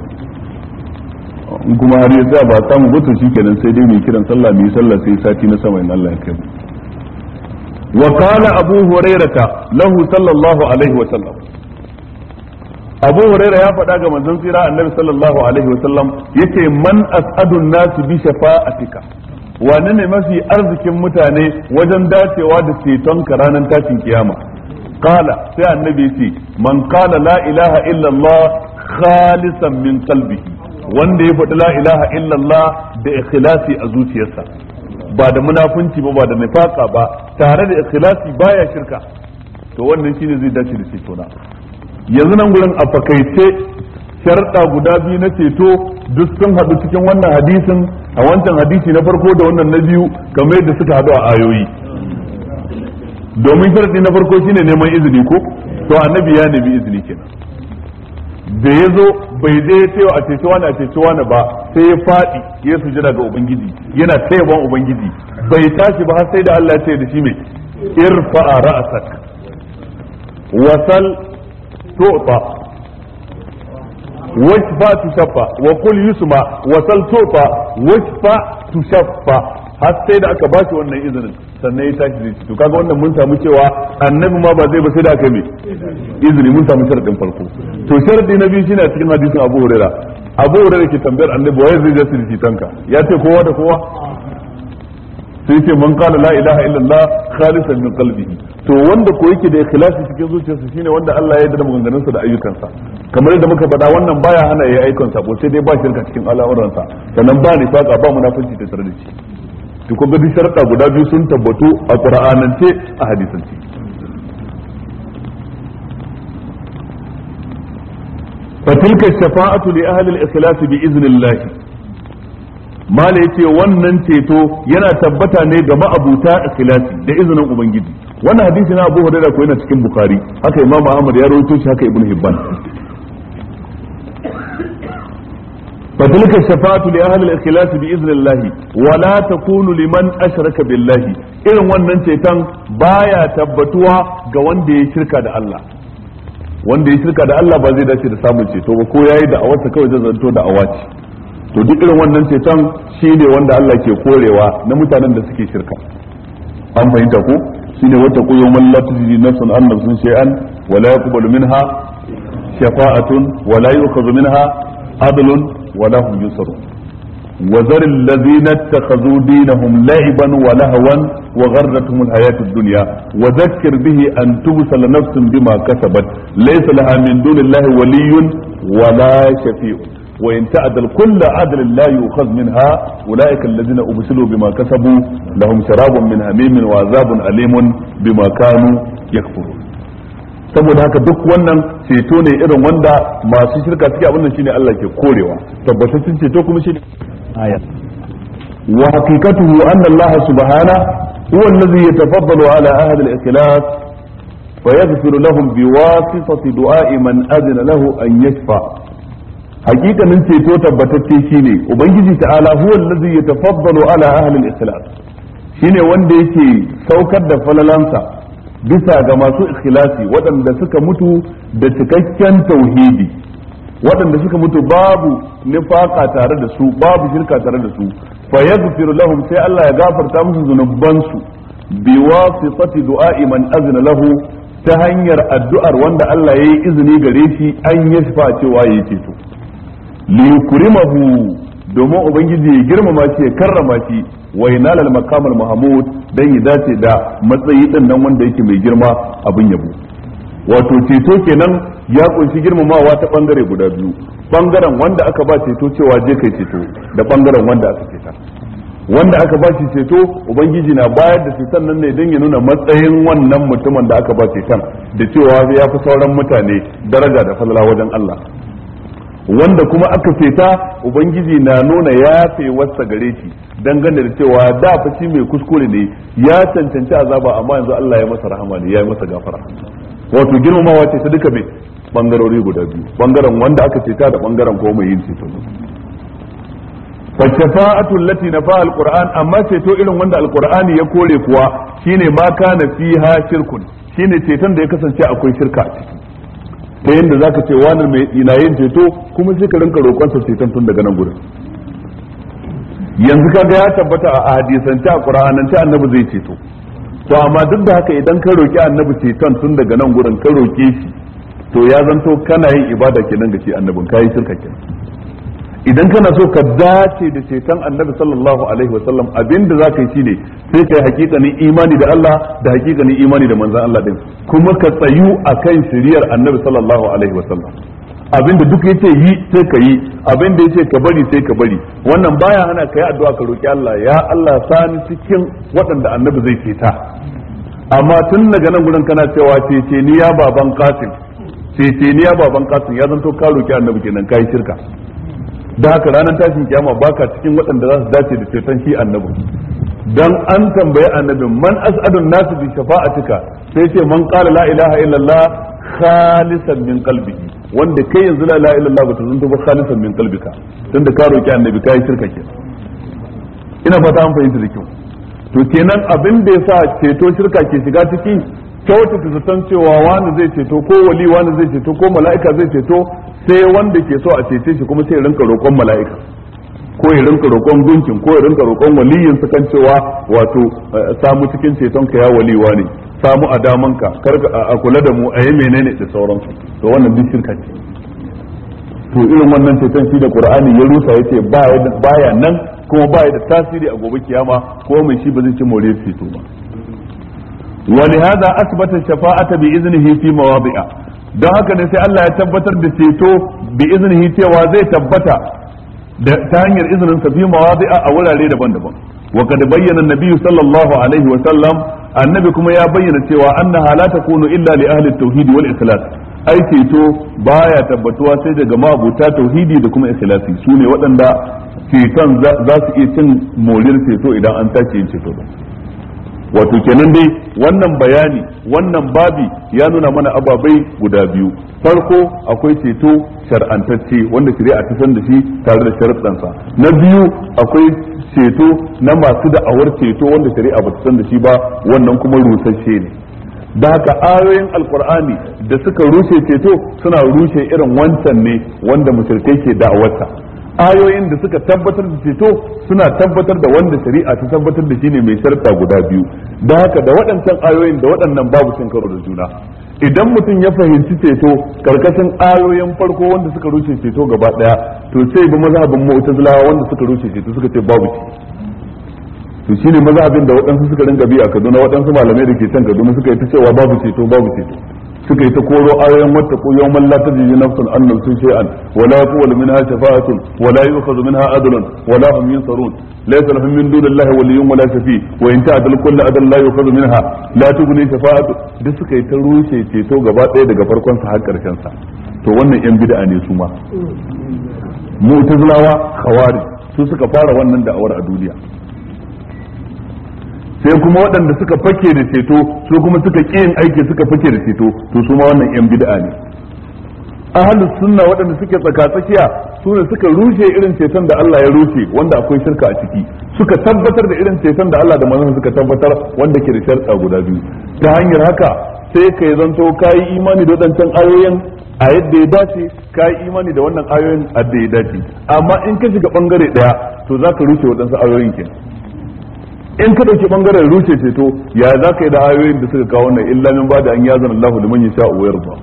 in kuma har ya tsaya ba samu goto to shikenan sai dai mai kiran sallah mai sallah sai sati na sama in Allah ya kai wa qala abu hurairata lahu sallallahu alaihi wa sallam abu hurairah ya faɗa ga manzon tsira annabi sallallahu alaihi wa sallam yace man as'adun nasu bi shafa'atika wane ne mafi arzikin mutane wajen dacewa da ceton ranar tashin kiyama kala sai annabi ce man kala la ilaha illallah khalisan min qalbihi wanda ya faɗi la ilaha illallah da ikhlasi a zuciyarsa ba da munafunci ba ba da nifaka ba tare da ikhlasi baya shirka to wannan shine zai dace da cetona yanzu nan gurin a fakaice sharɗa guda biyu na ceto duk sun haɗu cikin wannan hadisin a wancan hadisi na farko da wannan na biyu kamar da suka haɗu a ayoyi domin sharɗi na farko shine neman izini ko to annabi ya nemi izini kenan da ya zo bai je ya a ceci wani a ceci wani ba sai ya faɗi ya sujada ga ubangiji yana taimakon ubangiji bai tashi ba har sai da Allah ya ce da shi mai irfa'a ra'asak wasal tu'ta wajfa tushaffa wa kul yusma wa sal tufa wajfa tushaffa har sai da aka bashi wannan izinin sannan ya tashi zai ci to kaga wannan mun samu cewa annabi ma ba zai ba sai da aka yi izini mun samu sharadin farko to sharadi na biyu shine a cikin hadisin Abu Hurairah Abu Hurairah ke tambayar annabi wai zai je su tanka ya ce kowa da kowa sai ce man qala la ilaha illallah khalisan min qalbihi to wanda ko yake da ikhlasi cikin zuciyarsa shine wanda Allah ya yarda maganganunsa da ayyukansa kamar yadda muka faɗa wannan baya hana yayi ayyukan ko sai dai ba shirka cikin al'amuransa sannan ba nifaqa ba munafici da tare da shi to kun ga sharɗa guda biyu sun tabbatu a qur'anance a hadisance فتلك الشفاعة لأهل الإخلاص بإذن الله mala ce wannan ceto yana tabbata ne ga ma'abuta ikhlasi da izinin ubangiji wannan hadisi na Abu Hurairah ko yana cikin Bukhari haka Imam Ahmad ya rawaito shi haka Ibn Hibban فتلك الشفاعة لأهل izni بإذن wala la takunu liman أشرك billahi irin wannan ceton baya tabbatuwa ga wanda ya shirka da Allah wanda ya shirka da Allah ba zai dace da samun ceto ba ko yayi da awata kawai zai zanto da awaci to duk irin wannan ceton shi ne wanda Allah ke korewa na mutanen da suke shirka an fahimta ko shi ne wata kuyo man la tujidi nafsun an nafsun shay'an wa la yaqbalu minha shafa'atun wa la yu'khadhu minha adlun wa la hum yusarun wa zaril ladina ittakhadhu dinahum la'iban wa lahwan wa gharratuhum alhayat ad-dunya wa dhakkir bihi an tubsala nafsun bima kasabat laysa laha min dunillahi waliyyun wa la shafi'un وإن تعدل كل عدل لا يؤخذ منها أولئك الذين أبسلوا بما كسبوا لهم شراب من هميم وعذاب أليم بما كانوا يكفرون saboda haka duk wannan ceto ne irin wanda masu shirka suke abin shine Allah ke korewa tabbataccen ceto kuma shine aya wa haqiqatuhu anna Allah subhana huwa alladhi yatafaddalu ala ahli al-ikhlas wa yaghfiru lahum biwasitati du'a man adna lahu an yashfa hakikanin ceto tabbatacce shine ubangiji ta'ala huwa allazi yatafaddalu ala ahli al-ikhlas shine wanda yake saukar da falalansa bisa ga masu ikhlasi waɗanda suka mutu da cikakken tauhidi waɗanda suka mutu babu nifaka tare da su babu shirka tare da su fa yaghfiru lahum sai Allah ya gafarta musu zunubansu bi wasifati du'a man azna lahu ta hanyar addu'ar wanda Allah yayi izini gare shi an yashfa cewa yayi ceto liyukrimahu domin ubangiji ya girmama shi ya karrama shi wa maqam al mahmud dan ya dace da matsayi din nan wanda yake mai girma abin yabo wato ceto kenan ya kunshi girmamawa ta bangare guda biyu bangaren wanda aka ba ceto cewa je kai ceto da bangaren wanda aka ceta wanda aka ba shi ceto ubangiji na bayar da ceton nan ne dan ya nuna matsayin wannan mutumin da aka ba ceton da cewa ya fi sauran mutane daraja da falala wajen Allah wanda kuma aka feta ubangiji na nuna yafe wasa gare shi dangane da cewa da fa mai kuskure ne ya cancanci azaba amma yanzu Allah ya masa rahama ne ya yi masa gafara wato girmamawa ce ta duka mai bangarori guda biyu bangaren wanda aka feta da bangaren ko mai yin ceto fashafa'atu allati nafa alquran amma ceto irin wanda alqur'ani ya kore kuwa shine ma kana fiha shirkun shine ceton da ya kasance akwai shirka a ciki ta yadda zaka ce wani mai ina yin ceto kuma sai ka rinka roƙon sa ceton tun daga nan gurin yanzu kaga ya tabbata a hadisance a qur'anance annabi zai ceto to amma duk da haka idan ka roƙi annabi ceton tun daga nan gurin ka roƙe shi to ya zanto kana yin ibada kenan ga shi annabin kayi shirka kenan idan kana so ka dace da ceton annabi sallallahu alaihi wasallam abinda za ka yi shine sai ka yi hakikanin imani da Allah da hakikanin imani da manzan Allah din kuma ka tsayu akan shiriyar annabi sallallahu alaihi wasallam abinda duk yace yi sai ka yi abinda yace ka bari sai ka bari wannan baya hana ka yi addu'a ka roki Allah ya Allah sani cikin waɗanda annabi zai ceta amma tun daga nan gurin kana cewa cece ni ya baban Qasim cece ni ya baban Qasim ya zanto ka roki annabi kenan kai shirka da haka ranar tashin kiyama baka cikin waɗanda za su dace da ceton shi annabi dan an tambayi annabin man as'adun nasu bi shafa'atika sai ce man qala la ilaha illallah khalisan min qalbihi wanda kai yanzu la ilaha illallah ba ta zunta ba khalisan min qalbika tunda ka roki annabi kai shirka ke ina fata an fahimta da kyau to kenan abin da yasa ceto shirka ke shiga ciki kyautata zaton cewa wani zai ceto ko wali wani zai ceto ko mala'ika zai ceto sai wanda ke so a cece shi kuma sai rinka roƙon mala'ika ko ya rinka roƙon gunkin ko ya rinka roƙon waliyin su kan cewa wato samu cikin ceton ka ya waliwa ne samu a daman ka kar a kula da mu a yi menene da sauransu to wannan duk shirka ce to irin wannan ceton shi da qur'ani ya rusa yace baya baya nan kuma baya da tasiri a gobe kiyama ko mai shi ba zai ci more ceto ba ولهذا أثبت الشفاعة بإذنه في مواضع don haka ne sai Allah ya tabbatar da ceto bi iznihi cewa zai tabbata ta hanyar izinin sa fi mawadi'a a wurare daban-daban wa kad bayyana annabi sallallahu alaihi wa sallam annabi kuma ya bayyana cewa annaha la takunu illa li ahli tauhidi wal ikhlas ai ceto baya tabbatuwa sai daga mabuta tauhidi da kuma ikhlasi su ne waɗanda ceton za su iya cin morir ceto idan an tashi yin ceto wato kenan dai wannan bayani wannan babi ya nuna mana ababai guda biyu farko akwai ceto shar'antacce wanda shari'a ta san da shi tare da sa na biyu akwai ceto na masu da'awar ceto wanda shari'a ba ta san da shi ba wannan kuma rusasshe ne da haka ayoyin alkur'ani da suka rushe ceto suna rushe irin wancan ne wanda mushrikai ke da'awarsa ayoyin da suka tabbatar da ceto suna tabbatar da wanda shari'a ta tabbatar da shine mai sharta guda biyu da haka da waɗancan ayoyin da waɗannan babu cin karo da juna idan mutum ya fahimci ceto karkashin ayoyin farko wanda suka rushe ceto gaba daya to sai bi mazhabin mu'tazilawa wanda suka rushe ceto suka ce babu to shine mazhabin da waɗansu suka ringa bi a Kaduna waɗansu malamai da ke can Kaduna suka yi ta cewa babu ceto babu ceto suka yi ta koro ayoyin wata ko yawman la tajidi nafsun an nafsun shay'an wala tuwal minha shafa'atun wala min ha adlun wala hum yunsarun laysa lahum min dunillahi waliyyun wala shafi wa in ta'dil kullu adl la min ha la tughni shafa'atu duk suka yi ta rushe ceto gaba ɗaya daga farkon sa har karshen sa to wannan yan bid'a ne su ma mu'tazilawa khawari su suka fara wannan da'awar a duniya sai kuma waɗanda suka fake da ceto su kuma suka ƙi yin aiki suka fake da ceto to su ma wannan yan bid'a ne ahlus sunna waɗanda suke tsakatsakiya su ne suka rushe irin ceton da Allah ya rushe wanda akwai shirka a ciki suka tabbatar da irin ceton da Allah da manzon suka tabbatar wanda ke da sharta guda biyu ta hanyar haka sai ka yi zanto ka imani da waɗancan ayoyin a yadda ya dace ka yi imani da wannan ayoyin a yadda ya dace amma in ka shiga bangare daya to za ka rushe waɗansu ayoyin kenan in ka dauki bangaren ruce ceto ya za ka yi da ayoyin da suka kawo na illa min ba da an yazan Allahu liman yasha wa yarda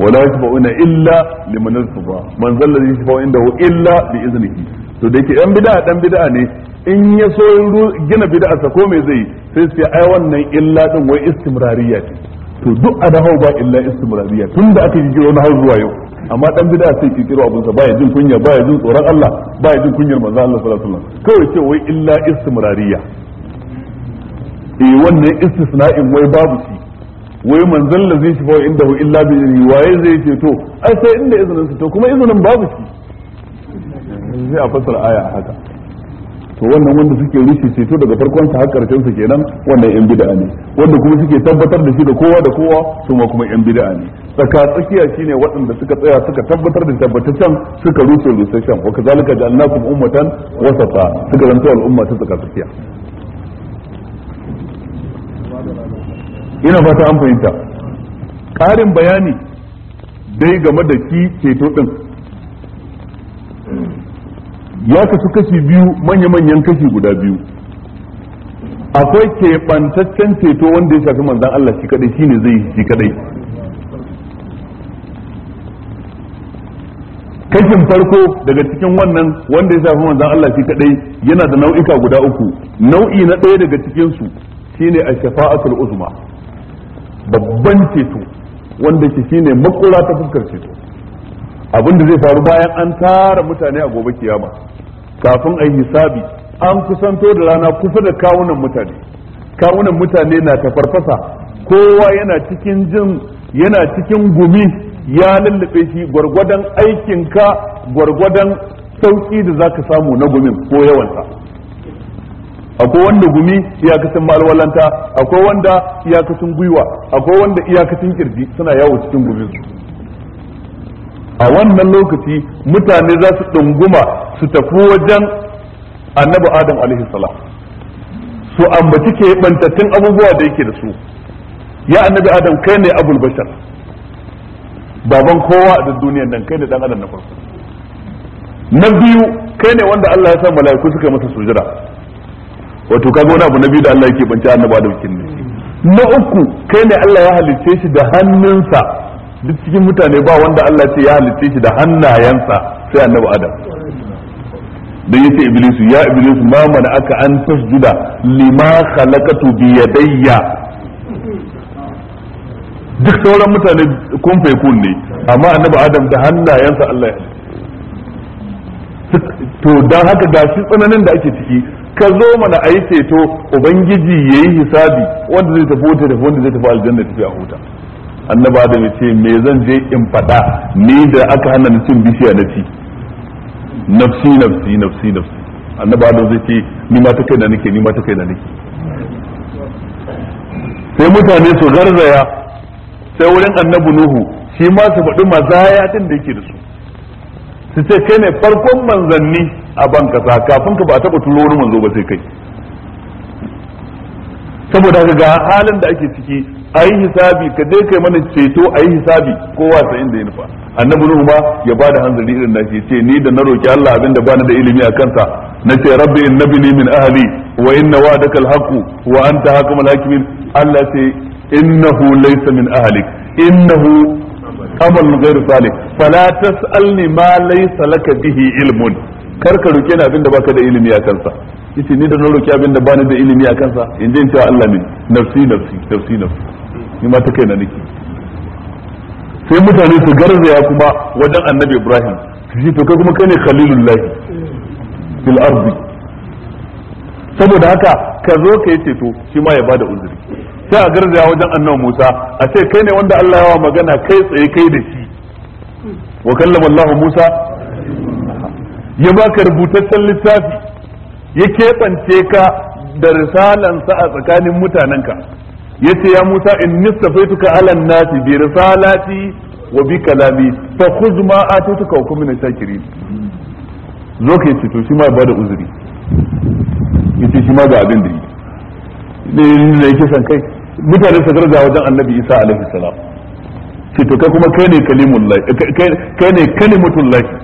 wala yashfa'una illa liman ba. man zalla yashfa'u wa illa bi iznihi to da yake yan bid'a dan bid'a ne in ya so gina bid'a sa ko me zai sai sai ai wannan illa din wai istimrariya ce to duk a dawo ba illa istimrariya tunda aka yi giro na har zuwa yau amma dan bid'a sai kikiro abin sa ya jin kunya ba ya jin tsoron Allah ba ya jin kunyar manzo Allah sallallahu alaihi wasallam kawai ce wai illa istimrariya eh wannan istisna'in wai babu shi wai manzon da zai shi inda hu illa bi waye zai ce to ai sai inda izinin su to kuma izinin babu shi Zai a fasar aya haka to wannan wanda suke rushe ceto daga farkon sa har karshen sa kenan wannan yan bid'a ne wanda kuma suke tabbatar da shi da kowa da kowa su ma kuma yan bid'a ne tsaka tsakiya shine waɗanda suka tsaya suka tabbatar da tabbataccen suka rushe rusashen wa kazalika ja'alnakum ummatan wasata suka zanta al'umma ta tsaka tsakiya ina fata an fahimta ƙarin bayani dai game da ki ceto ɗin ya kasu kashi biyu manya-manyan kashi guda biyu akwai keɓantaccen ceto wanda ya shafi manzan Allah shi kadai shine zai shi kadai kashin farko daga cikin wannan wanda ya shafi manzan Allah shi kadai yana da nau'ika guda uku nau'i na ɗaya daga cikinsu shine a shafa'atul uzma babban ceto wanda ke shine makura ta fuskar ceto abin da zai faru bayan an tara mutane a gobe kiyama kafin a yi hisabi an kusanto da rana kusa da kawunan mutane kawunan mutane na ta farfasa, kowa yana cikin jin yana cikin gumi ya lulluɓe shi gwargwadon aikinka gwargwadon sauki da zaka samu na gumin ko yawansa akwai wanda gumi iyakacin malwalanta akwai wanda iyakacin gwiwa akwai wanda iyakacin kirji suna yawo cikin gumin a wannan lokaci mutane za su ɗunguma su tafi wajen annabi adam alaihi salam su ambaci ke bantattun abubuwa da yake da su ya annabi adam kai ne abul bashar baban kowa a duniyar nan kai ne dan adam na farko na biyu kai ne wanda Allah ya sa mala'iku suka masa sujira wato kaga wani abu na biyu da Allah yake bance annaba da bikin ne na uku kai ne Allah ya halicce shi da hannunsa duk cikin mutane ba wanda Allah ce ya halicce shi da hannayensa sai annabi adam dan yace iblisu ya iblisu ma mana aka an tasjuda lima khalaqatu bi yadayya duk sauran mutane kun fai kun ne amma annabi adam da hannayensa Allah ya to dan haka gashi tsananin da ake ciki ka zo mana a yi ceto ubangiji ya yi hisabi wanda zai tafi wuta da wanda zai tafi aljanna tafi a huta annaba da ya ce me zan je in faɗa ni da aka hana ni cin bishiya na ci nafsi nafsi nafsi nafsi annaba da zai ce ni ma ta kai na nake ni ma ta kai na nake sai mutane su garzaya sai wurin annabu nuhu shi ma su faɗi mazayatin da yake da su su ce kai ne farkon manzanni a ban kasa kafin ka ba taba tulo wani manzo ba sai kai saboda ka ga halin da ake ciki a hisabi ka dai kai mana ceto a hisabi kowa ta inda ya nufa annabi nuhu ma ya bada hanzari irin da ke ce ni da na roki Allah abinda da bani da ilimi a kansa na ce rabbi ni min ahli wa inna wa'daka alhaq wa anta hakamul hakimin Allah ce innahu laysa min ahlik innahu amal ghayr salih fala tasalni ma laysa laka bihi ilmun kar ka roke ni abin da baka da ilimi a kansa yace ni da na roki abin da bani da ilimi a kansa in je in cewa Allah ne nafsi nafsi nafsi nafsi ni ma ta kai na nake sai mutane su garzaya kuma wajen annabi Ibrahim su ji to kai kuma kai ne khalilullah fil ardi saboda haka ka zo ka yi ceto shi ma ya bada uzuri sai a garzaya wajen annabi Musa a ce kai ne wanda Allah ya wa magana kai tsaye kai da shi wa kallama Allah Musa ya baka rubutaccen littafi ya keɓance ka da risalansa a tsakanin mutanenka ya ce ya musa in nista nistafaituka alan nasi bi risalati wa bi kalami fa khudh ma atituka wa kun na shakiri zo ka yi to shi ma ba da uzuri ce shi ma ga abin da yi ne yake san kai mutane su garga wajen annabi isa alaihi salam ce to kai kuma kai ne kalimullah kai ne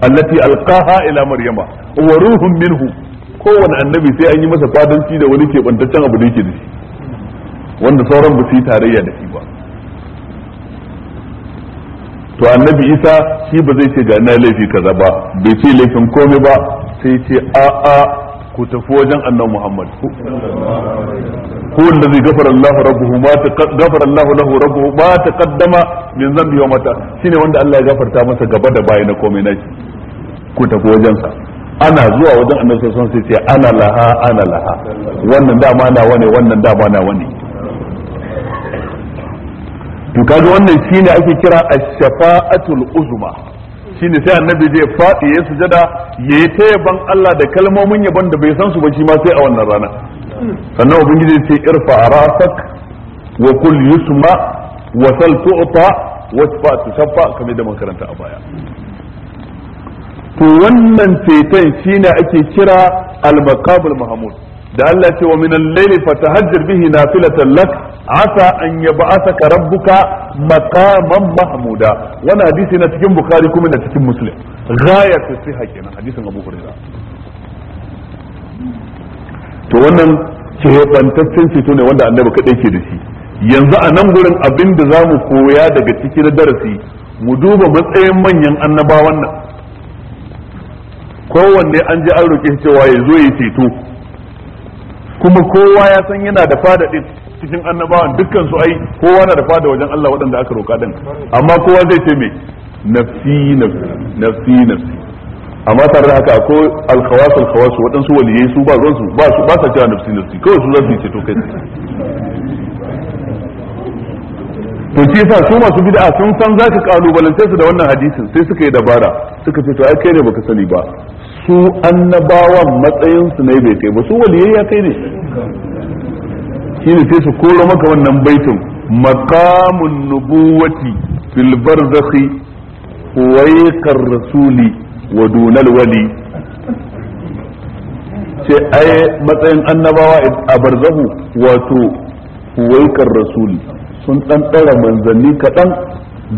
allati alqaha ila maryama wa ruhun minhu kowane annabi sai an yi masa fadanci da wani kebantaccen abu da yake da shi wanda sauran ba su yi tarayya da shi ba to annabi isa shi ba zai ce ga na laifi kaza ba bai ce laifin komai ba sai ce a'a ku tafi wajen annan Muhammad ko allazi ghafara Allah rabbuhu ma ghafara Allah lahu rabbuhu ma kaddama min zan wa mata shine wanda Allah ya gafarta masa gaba da baya na komai naki ku tafi wajen sa ana zuwa wajen annabi sallallahu sai ce ana laha ana laha wannan dama na wane wannan dama na wane to kaga wannan shine ake kira ash-shafa'atul uzma shine sai annabi zai faɗi ya sujada ya yi ta yaban Allah da kalmomin yaban da bai san su ba shi ma sai a wannan rana sannan ubangiji ce irfa rasak wa kul yusma wa sal tu'ta wa shafa tushaffa kamar da makaranta a baya to wannan ceton shine ake kira al-maqabul mahmud da Allah ce wa min al-layli fatahajjar bihi nafilatan lak asa an yab'athaka rabbuka maqaman mahmuda wannan hadisi na cikin bukhari kuma na cikin muslim ghayatu sihha kenan hadisin abu hurairah to wannan kebantaccen ceto ne wanda annabi kadai ke da shi yanzu a nan gurin abin da koya daga cikin darasi mu duba matsayin manyan annabawan nan kowanne an ji an roƙe cewa ya zo ya ceto kuma kowa ya san yana da fada ɗin cikin annabawan dukkan su ai kowa na da fada wajen Allah waɗanda aka roka din amma kowa zai ce me nafsi nafsi nafsi nafsi amma tare da haka akwai alkhawas alkhawas waɗansu waliyai su ba ruwan su ba su ba sa cewa nafsi nafsi kawai su za su ce to kai to shi yasa su masu bid'a sun san zaka kalubalance su da wannan hadisin sai suka yi dabara suka ce to ai kai ne baka sani ba su annabawan matsayin su ne bai kai ba su waliyai ya kai ne shine sai su koro maka wannan baitin maqamun nubuwati fil barzakhi yakar rasuli wa dunal wali ce ai matsayin annabawa a barzahu wato waiqar rasuli sun dan tsara manzanni kadan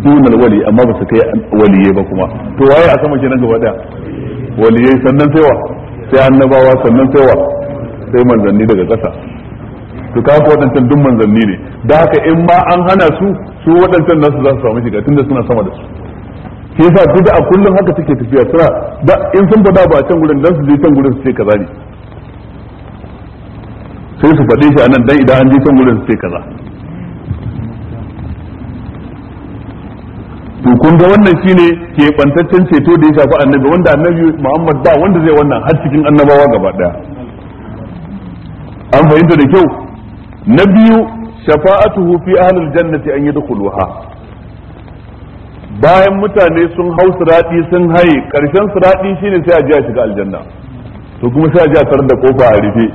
dunal wali amma ba su kai waliye ba kuma to waye a sama kenan gaba daya Waliye sannan sai wa sai annabawa sannan sai wa sai manzanni daga ƙasa to ka waɗancan duk manzanni ne da haka in ma an hana su su waɗancan nasu za su samu shiga tunda suna sama da su sa su duk a kullum haka take tafiya sura da in sun faɗa ba a can gurin dan su je can gurin su ce kaza ne sai su faɗe shi a nan dan idan an je can gurin su ce kaza to kun ga wannan shine ke bantaccen ceto da ya shafi annabi wanda annabi Muhammad ba wanda zai wannan har cikin annabawa gaba daya an fahimta da kyau na biyu shafa'atuhu fi ahlil jannati an yadkhuluha bayan mutane sun hau sirati sun haye karshen sirati shine sai a ji a shiga aljanna to kuma sai a ji a tarar da kofa a rufe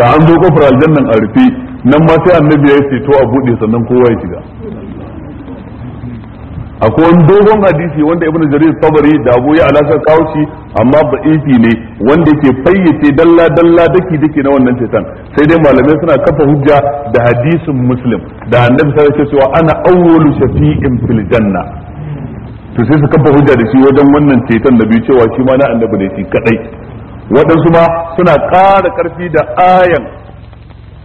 ga an zo kofar aljannan a rufe nan ma sai annabi ya ce to a buɗe sannan kowa ya shiga akwai wani dogon hadisi wanda ibnu jarir tabari da abu ya alaka kawo shi amma ifi ne wanda yake fayyace dalla dalla daki dake na wannan cetan sai dai malamai suna kafa hujja da hadisin muslim da annabi sai yake cewa ana awwalu shafi'in fil janna to sai su kafa hujja da shi wajen wannan cetan da biyu cewa shi ma na annabi ne shi kadai waɗansu ma suna ƙara ƙarfi da ayan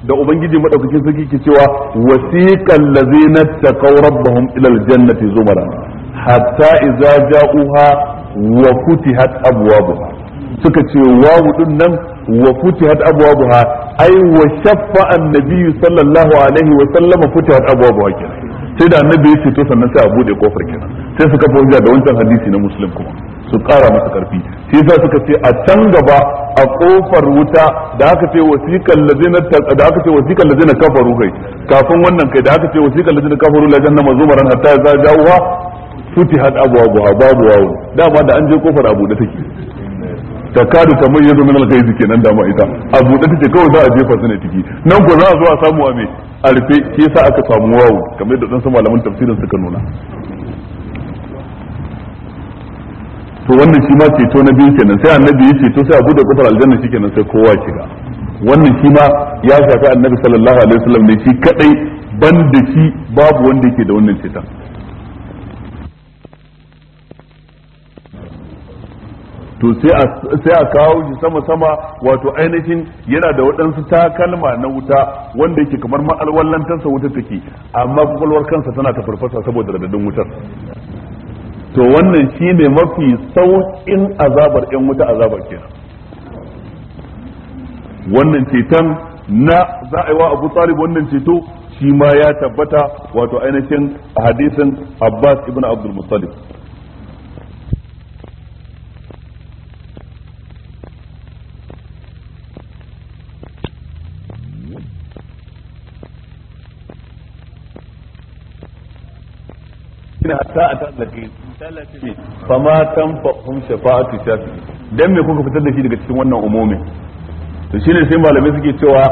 da ubangiji madaukakin sarki ke cewa wasiqal ladzina taqaw rabbahum ila aljannati zumara hatta idza ja'uha wa futihat abwabuha suka ce wawu din nan wa futihat abwabuha ai wa shaffa annabi sallallahu alaihi wa sallama futihat abwabuha kenan sai da annabi ya ceto sannan sai a bude kofar kenan sai suka kafa hujja da wancan hadisi na musulun kuma su kara masa karfi sai za suka ce a can gaba a kofar wuta da aka ce wasiqal ladina da aka ce wasiqal lazina kafaru kai kafin wannan kai da aka ce wasiqal lazina kafaru la jannama zumaran hatta za jawwa futihat abwabuha babu da dama da an je kofar abu da take takadu tamayyazu min al-ghayz kenan da ma ita a buɗe take kawai za a jefa su ne ciki nan ko za a zo a samu a me a rufe shi yasa aka samu wawu kamar yadda dan malaman tafsirin suka nuna to wannan shi ma ceto na biyu kenan sai annabi ya ceto sai a bude kofar aljanna shi kenan sai kowa shiga wannan shi ma ya shafi annabi sallallahu alaihi wasallam ne shi kadai ban da shi babu wanda yake da wannan ceton to sai a kawo shi sama sama wato ainihin yana da waɗansu takalma na wuta wanda yake kamar ma'alwallantarsa wuta take amma kwakwalwar kansa tana ta farfasa saboda radadin wutar to wannan shi ne mafi sauƙin azabar 'yan wuta azabar kenan wannan ceton na za a yi wa abu talib wannan ceto shi ma ya tabbata wato ainihin hadisin abbas ibn abdul muttalib na ta a tallake tallafi fa ma shafa'atu shafi dan me kuka fitar da shi daga cikin wannan umumin to shine sai malamai suke cewa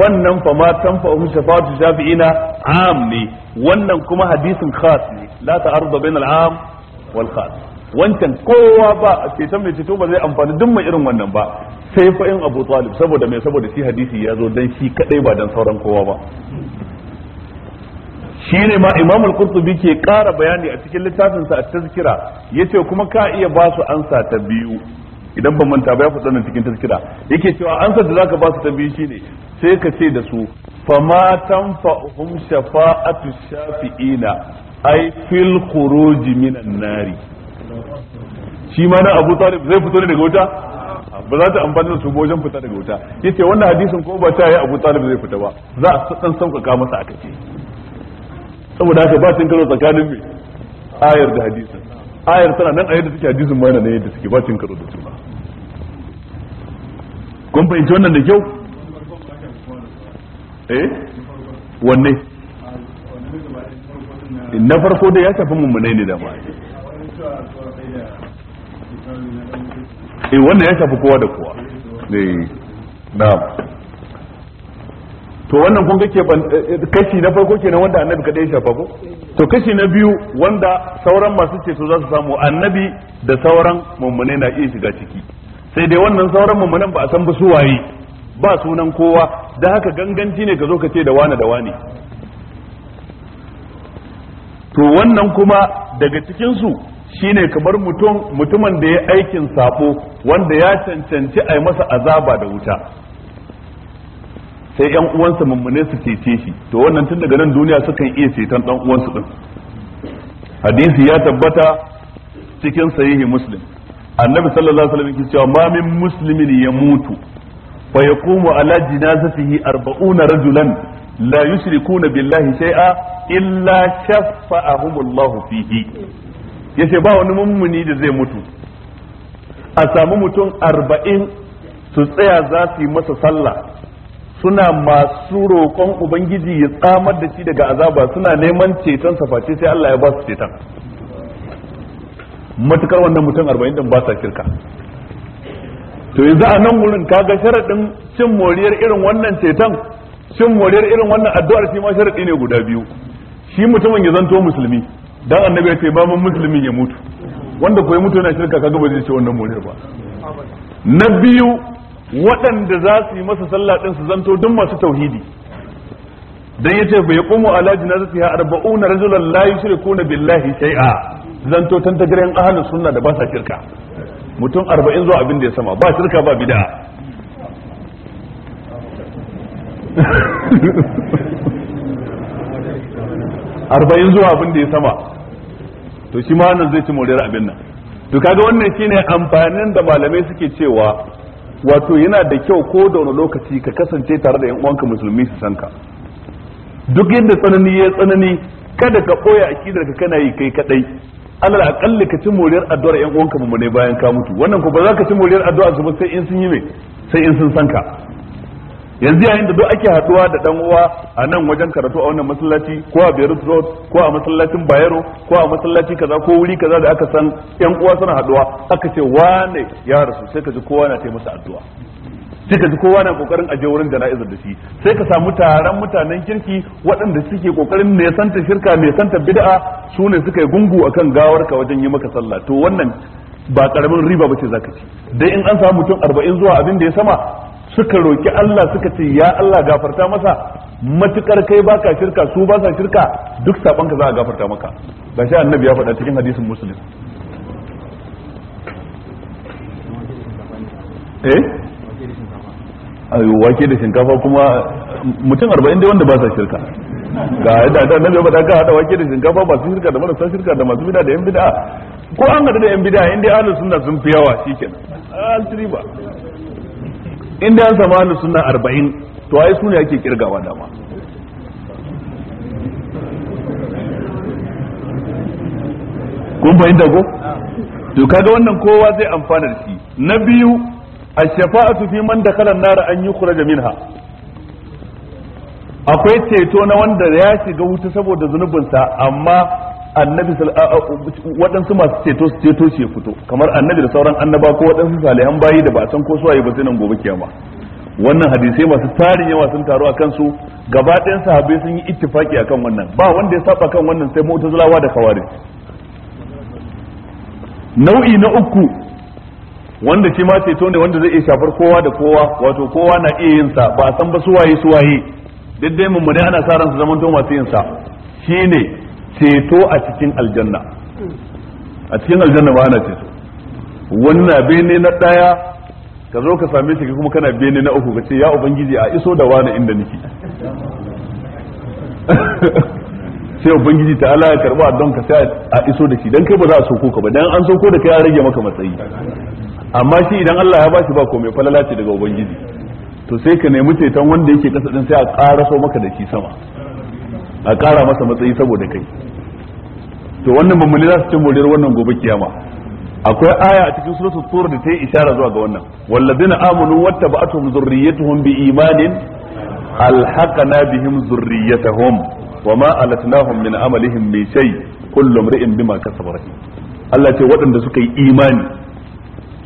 wannan fa ma tanfa'um shafa'atu shafi'ina am ne wannan kuma hadisin khas ne la ta'arudu bainal am wal khas wancan kowa ba ceton mai ceto ba zai amfani duk mai irin wannan ba sai fa in Abu Talib saboda me saboda shi hadisi ya zo dan shi kadai ba dan sauran kowa ba ne ma Imam al-Qurtubi ke ƙara bayani a cikin littafin sa at-Tazkira yace kuma ka iya ba su ansa ta biyu idan ban manta ba ya faɗa nan cikin tazkira yake cewa ansar da zaka ba su ta biyu shine sai ka ce da su Fa fama tanfa'uhum shafa'atu shafi'ina ai fil khuruj minan nari shi ma na Abu Talib zai fito ne daga wuta ba za ta amfani su bojan fita daga wuta yace wannan hadisin ko ba ta yi Abu Talib zai fita ba za a sauka sauƙaƙa masa aka ce saboda haka ba cin karo tsakanin mai ayar da hadisa ayar tana nan a da suke hadisin ma yana nan yadda suke ba cin karo da juna kun fahimci wannan da kyau eh wanne na farko dai ya shafi mummunai ne da ma eh wannan ya shafi kowa da kowa ne eh, na'am to wannan kun kake eh, eh, kashi na farko kenan wanda annabi kadai ya shafa ko to kashi na biyu wanda sauran masu ceto za su samu annabi da sauran mummune na iya shiga ciki sai dai wannan sauran mummunan ba a san ba su waye ba sunan kowa da haka ganganci ne ka zo ka ce da wani da wani to wannan kuma daga cikin su shine kamar mutum mutumin da ya aikin sabo wanda ya cancanci a yi masa azaba da wuta sai yan uwansa mummune su cece shi to wannan tun daga nan duniya sukan iya ceton dan uwansu din hadisi ya tabbata cikin sahihi muslim annabi sallallahu alaihi wasallam yake cewa ma min muslimin mutu fa yaqumu ala jinazatihi 40 rajulan la yushrikuna billahi shay'a illa shaffa'ahumullahu fihi yace ba wani mummuni da zai mutu a samu mutum arba'in su tsaya za su yi masa sallah suna masu roƙon ubangiji ya tsamar da shi daga azaba suna neman ceton face sai Allah ya ba su ceton matukar wannan mutum arba'in din ba sa shirka to yanzu a nan wurin kaga sharaɗin cin moriyar irin wannan ceton cin moriyar irin wannan addu'ar shi ma sharaɗi ne guda biyu shi mutumin ya zanto musulmi dan annabi ya ce ba mun musulmin ya mutu wanda ko ya mutu yana shirka kaga ba zai ce wannan moriyar ba na biyu waɗanda za su yi masa sallah ɗin su zanto duk masu tauhidi dan yace bai yaqumu ala shirya ko rajulan la yushrikuna billahi shay'a zanto tantagarin ahlus sunna da ba sa shirka mutum 40 zuwa abin da ya sama ba shirka ba bid'a arba'in zuwa abin da ya sama to shi ma nan zai ci moriyar abin nan to kaga wannan shine amfanin da malamai suke cewa wato yana da kyau ko da wani lokaci ka kasance tare da yan uwanka musulmi su san ka duk yadda tsanani ya tsanani kada ka koya akidar ka kana yi kai kadai alal akalli ka ci moriyar addu'ar yan uwanka mu ne bayan ka mutu wannan ko ba za ka ci moriyar addu'ar su ba sai in sun yi me sai in sun san ka yanzu yayin da duk ake haduwa da dan uwa a nan wajen karatu a wannan masallaci ko a Beirut Road ko a masallacin Bayero ko a masallaci kaza ko wuri kaza da aka san yan uwa suna haduwa aka ce wane ya rasu sai ka ji kowa na taimaka addu'a sai ka ji kowa na kokarin aje wurin jana'izar da shi sai ka samu taron mutanen kirki waɗanda suke kokarin ne santa shirka ne santa bid'a su ne suka yi gungu akan ka wajen yi maka sallah to wannan ba karamin riba bace zaka ci dai in an samu mutum 40 zuwa abin da ya sama suka roki Allah suka ce ya Allah gafarta masa matukar kai baka shirka su ba sa shirka duk saban ka za a gafarta maka shi annabi ya faɗa cikin hadisin muslim eh ayo wake da shinkafa kuma mutum 40 dai wanda ba sa shirka ga yadda da nan gaba da ka hada wake da shinkafa ba su shirka da marasa shirka da masu bid'a da yan bid'a ko an hada da yan bid'a inda ahlus sunna sun fi yawa shikenan an ba inda an zama da suna arba'in to ai su ne ake kirgawa dama kun fahimta ko to kaga wannan kowa zai amfana da shi na biyu ash-shafa'atu fi man nara an-nar an minha akwai ceto na wanda ya shiga wuta saboda zunubinsa amma annabi waɗansu masu ceto su ceto shi ya fito kamar annabi da sauran annaba ko waɗansu salihan bayi da ba san ko suwaye ba sai nan gobe kiyama wannan hadisai masu tarin yawa sun taru a kansu gaba ɗayan sahabbai sun yi ittifaki akan wannan ba wanda ya saba kan wannan sai mota zulawa da kawari nau'i na uku wanda shi ma ceto ne wanda zai iya shafar kowa da kowa wato kowa na iya yin sa ba san ba suwaye suwaye duk dai mun ana sa ran su zaman to masu yin sa shine ceto a cikin aljanna a cikin aljanna ma ana ceto Wannan bene na daya ka zo ka same shi kuma kana bene na uku ka ce ya ubangiji a iso da wani inda nake sai ubangiji ta ala ya karba don ka sai a iso da shi dan kai ba za a soko ka ba dan an soko da kai ya rage maka matsayi amma shi idan Allah ya bashi ba komai falala ce daga ubangiji to sai ka nemi ceton wanda yake kasa din sai a ƙara maka da shi sama a ƙara masa matsayi saboda kai to wannan mummuni za su ci moriyar wannan gobe kiyama akwai aya a cikin suratul tur da ta yi isharar zuwa ga wannan walladina amanu wattaba'atuhum zurriyatuhum bi imanin alhaqana bihim zurriyatuhum wama alatnahum min amalihim min shay kullu mri'in bima kasaba rahim Allah ce waɗanda suka yi imani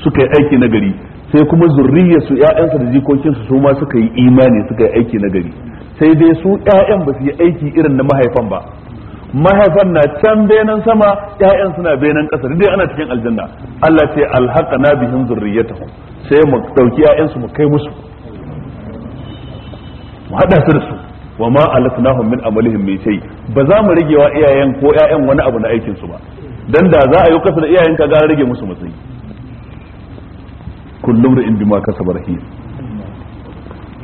suka yi aiki nagari sai kuma zurriyarsu ƴaƴansu da jikokinsu su ma suka yi imani suka yi aiki nagari sai dai su ƴaƴan ba su yi aiki irin na mahaifan ba mahaifan na can benen sama ƴaƴan suna benen ƙasa dai ana cikin aljanna Allah ce alhaqana bihim zurriyatahum sai mu dauki ƴaƴan su mu kai musu mu hada su da su wa ma alatnahum min amalihim mai sai ba za mu rage wa iyayen ko ƴaƴan wani abu na aikin su ba dan da za a yi kasa da iyayen ka ga rage musu matsayi kullum da in bima kasaba rahim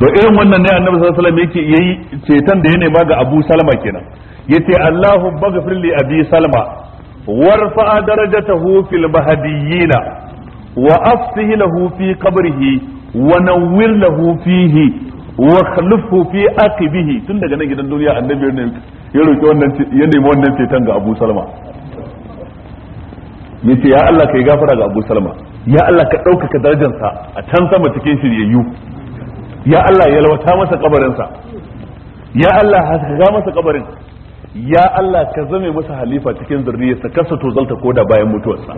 to irin wannan ne annabi sallallahu alaihi wasallam yake yayi cetan da ya nema ga Abu Salama kenan yace Allahu baghfir li Abi Salama warfa darajatahu fil mahdiyina wa afsih lahu fi qabrihi wa nawwir lahu fihi wa khalifu fi aqibihi tun daga nan gidan duniya annabi ne ya roki wannan ya nemi wannan cetan ga Abu Salama yace ya Allah kai gafara ga Abu Salama ya Allah ka ɗaukaka darajarsa a can sama cikin shiryayyu ya Allah yalwata masa kabarinsa ya Allah haska masa kabarin ya Allah ka zame masa halifa cikin zurriyarsa kasa tozalta koda bayan mutuwarsa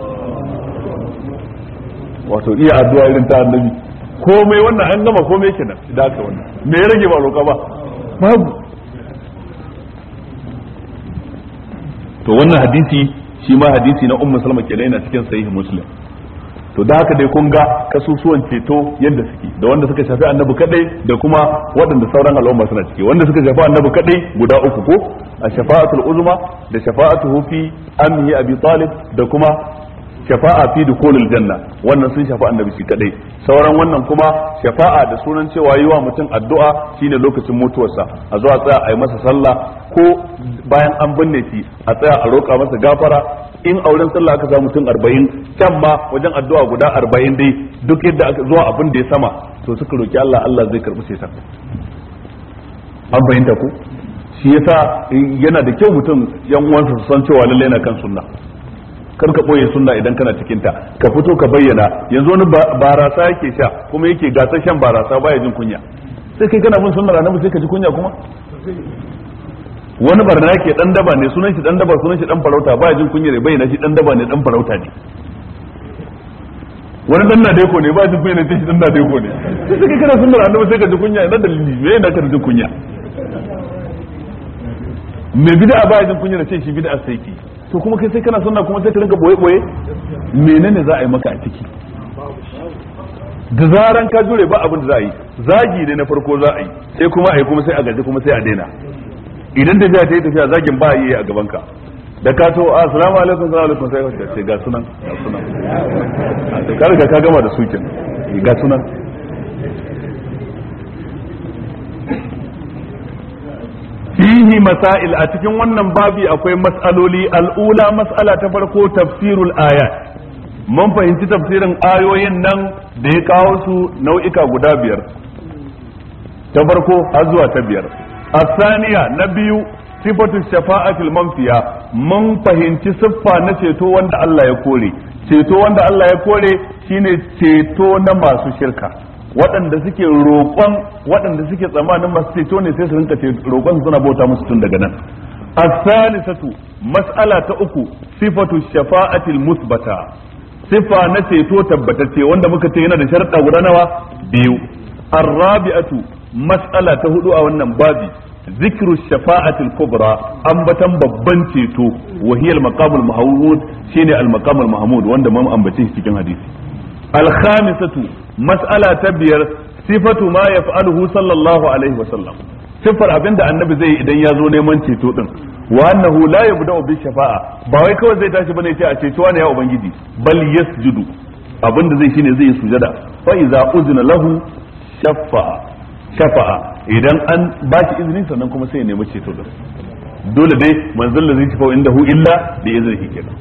wato iya addu'a irin ta annabi komai wannan an gama komai kenan da aka wannan me ya rage ba roƙa ba babu to wannan hadisi shi ma hadisi na ummu salma kenan yana cikin sahih muslim to da haka dai kun ga kasusuwan ceto yadda suke da wanda suka shafi annabi kadai da kuma waɗanda sauran al'umma suna ciki wanda suka shafi annabi kadai guda uku ko a shafa'atul uzma da shafa'atu fi amhi abi talib da kuma shafa'a fi dukulul janna wannan sun shafi annabi shi kadai sauran wannan kuma shafa'a da sunan cewa yi wa mutum addu'a shine lokacin mutuwarsa a zuwa tsaya a yi masa sallah ko bayan an binne shi a tsaya a roƙa masa gafara in auren sallah aka samu mutum arba'in can ma wajen addu'a guda arba'in dai duk yadda aka zuwa abin da ya sama to suka roki Allah Allah zai karɓi ceton an fahimta ku shi yasa yana da kyau mutum yan uwansa su san cewa lallai na kan sunna kar ka boye sunna idan kana cikin ta ka fito ka bayyana yanzu wani barasa yake sha kuma yake gasar shan barasa baya jin kunya sai kai kana bin sunnar annabi sai ka ji kunya kuma wani barna yake dan daba ne sunan shi dan daba sunan shi dan farauta baya jin kunya ne bai na shi dan daba ne dan farauta ne wani dan na dai ko ne ya jin kunya ne shi dan na dai ko ne sai kake kana sunan annabi sai ka ji kunya ina dalili me yana ka ji kunya me bid'a baya jin kunya ne ce shi bid'a sai ki to kuma kai sai kana sunna kuma sai ka rinka boye boye menene za a yi maka a ciki da zaran ka jure ba abin da za a yi zagi ne na farko za a yi sai kuma a yi kuma sai a gaji kuma sai a daina idan tafiya ta yi tafiya zagin ba yi a gaban ka da ka to ah, salamu alaikum assalamu alaikum sai wata ce ga sunan ga sunan ah, ka riga ka gama da sukin eh, ga sunan fihi masail a cikin wannan babi akwai mas'aloli al'ula mas'ala ta farko tafsirul ayat mun fahimci tafsirin ayoyin nan da ya kawo su nau'ika guda biyar ta farko har zuwa ta biyar Asaniya na biyu sifatu shafa a tilmanciya mun fahimci siffa na ceto wanda Allah ya kore ceto wanda Allah ya kore shi ceto na masu shirka waɗanda suke roƙon waɗanda suke tsammanin masu ceto ne sai su rinƙa roƙon suna bauta musu tun daga nan. Asani satu mas'ala ta uku sifatu shafa'ati a tilmuss sifa na ceto tabbatace wanda muka ce yana da sharci da wura nawa biyu arrabiatu. matsala ta hudu a wannan babi zikiru shafa'atul kubra ambatan babban ceto wa hiyal maqamul mahmud shine al maqamul mahmud wanda mun ambace cikin hadisi Alkhamisatu khamisatu mas'ala ta biyar sifatu ma yaf'aluhu sallallahu alaihi wa sallam sifar abinda annabi zai yi idan ya zo neman ceto din wa annahu la yabda'u shafa'a ba wai kawai zai tashi bane ce a ceto ne ya ubangiji bal yasjudu abinda zai shine zai sujada fa iza uzina lahu shafa'a shafa'a idan an ba shi izini sannan kuma sai ya nemi ceto da dole dai manzon da zai tafi inda hu illa da izini kenan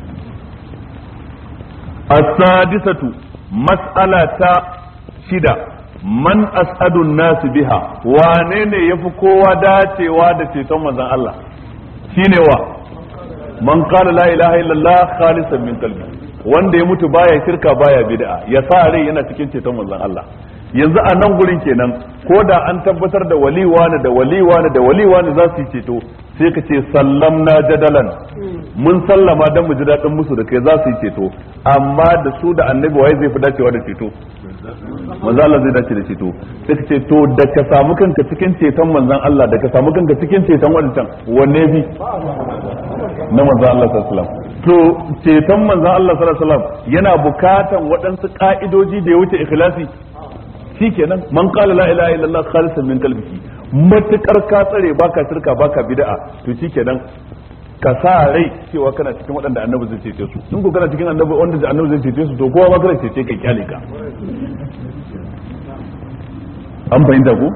as-sadisatu mas'alata shida man as'adun nasu biha wane ne yafi kowa dacewa da ceton manzon Allah shine wa man qala la ilaha illallah khalisan min qalbi wanda ya mutu baya shirka baya bid'a ya sa rai yana cikin ceton manzon Allah yanzu a nan gurin kenan ko da an tabbatar da waliwa ne da waliwa ne da waliwa ne za su yi ceto sai ka ce sallam na jadalan mun sallama dan mu ji dadin musu da kai za su yi ceto amma da su da annabi waye zai fi dacewa da ceto manzo Allah zai dace da ceto sai ka ce to da ka samu kanka cikin ceton manzon Allah da ka samu kanka cikin ceton wancan wanne bi na manzo Allah sallallahu alaihi wasallam to ceton manzan Allah sallallahu alaihi wasallam yana bukatan waɗansu ka'idoji da ya wuce ikhlasi shikenan man kala la ilaha illallah khalisan min qalbihi matukar ka tsare baka shirka baka bid'a to nan ka sa rai cewa kana cikin waɗanda annabi zai cece su in ko kana cikin annabi wanda annabi zai cece su to kowa ma kana cece ka kyale ka an fahimta ko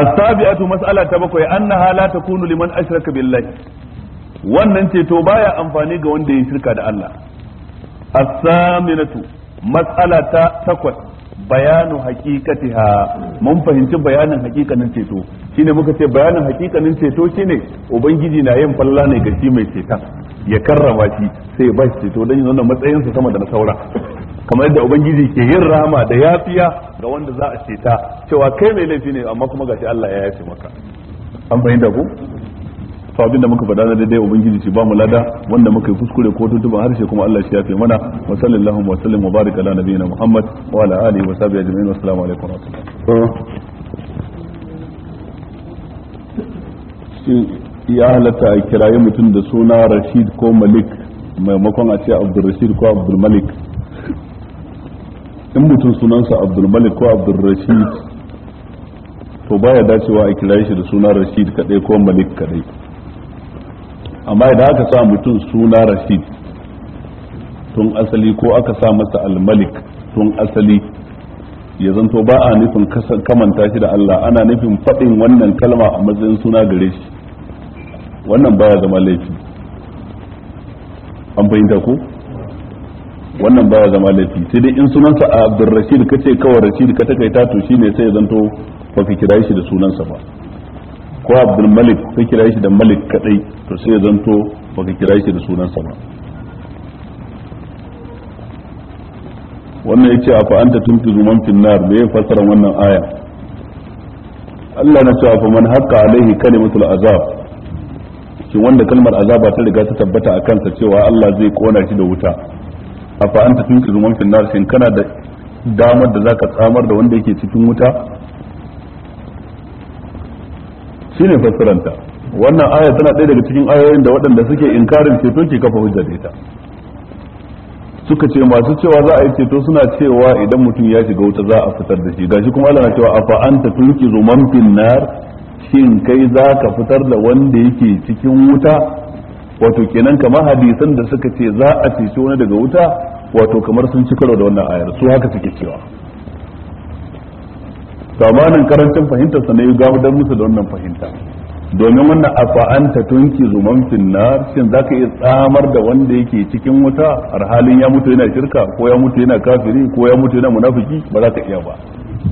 as-sabi'atu mas'ala ta bakwai annaha la takunu liman ashraka billahi wannan ceto baya amfani ga wanda ya shirka da Allah as-saminatu mas'ala ta takwas bayanu haqiqatiha mun fahimci bayanin haqiqanin ceto shine muka ce bayanin haqiqanin ceto shine ubangiji na yin falla ne gaci mai ceta ya karrama shi sai ba bashi ceto dan yana matsayin sa sama da na saura kamar yadda ubangiji ke yin rahama da yafiya ga wanda za a ceta cewa kai mai laifi ne amma kuma gashi Allah ya yafe maka an fahimta ku to abinda muka faɗa na daidai ubangiji shi ba mu lada wanda muka yi kuskure ko tuntuban harshe kuma Allah shi ya fi mana wa sallallahu wa sallam wa baraka ala nabiyina muhammad wa ala alihi wa sahbihi ajma'in wa assalamu alaikum wa rahmatullahi ya halatta a kirayi mutum da suna rashid ko malik maimakon a ce abdul rashid ko malik in mutum sunansa abdul malik ko abdul rashid to baya dacewa a kirayi shi da suna rashid kadai ko malik kadai amma idan aka sa mutum suna rashid tun asali ko aka sa masa almalik tun asali ya zanto ba a nufin kamanta shi da Allah ana nufin faɗin wannan kalma a matsayin suna gare shi wannan baya zama laifi an fahimta ko wannan baya zama laifi sai dai in sunansa a abdurrashid ce kawai rashid ka takaita to shine sai ya zanto ba ka kira shi da sunansa ba ko abdul malik sai kira shi da malik kadai to sai zanto baka kira shi da sunansa ba wannan yace afa anta tuntizu man fil nar me fassara wannan aya Allah na cewa fa man haqqa alaihi kalimatul azab shi wanda kalmar azaba ta riga ta tabbata a kansa cewa Allah zai kona shi da wuta afa anta tuntizu man fil nar shin kana da damar da zaka tsamar da wanda yake cikin wuta Shi ne fassaranta wannan aya tana ɗaya daga cikin ayoyin da waɗanda suke inkarin ceto ke kafa hujjar ita suka ce masu cewa za a yi ceto suna cewa idan mutum ya shiga wuta za a fitar da shi gashi kuma Allah na cewa afa anta tulkizu man fil nar shin kai za ka fitar da wanda yake cikin wuta wato kenan kamar hadisan da suka ce za a ceci wani daga wuta wato kamar sun ci karo da wannan ayar su haka suke cewa tsamanin karancin fahimtar sa ne ya dan musu da wannan fahimta domin wannan afa tunki zuman finnar shin ka iya tsamar da wanda yake cikin wuta har halin ya mutu yana shirka ko ya mutu yana kafiri ko ya mutu yana munafiki ba za ka iya ba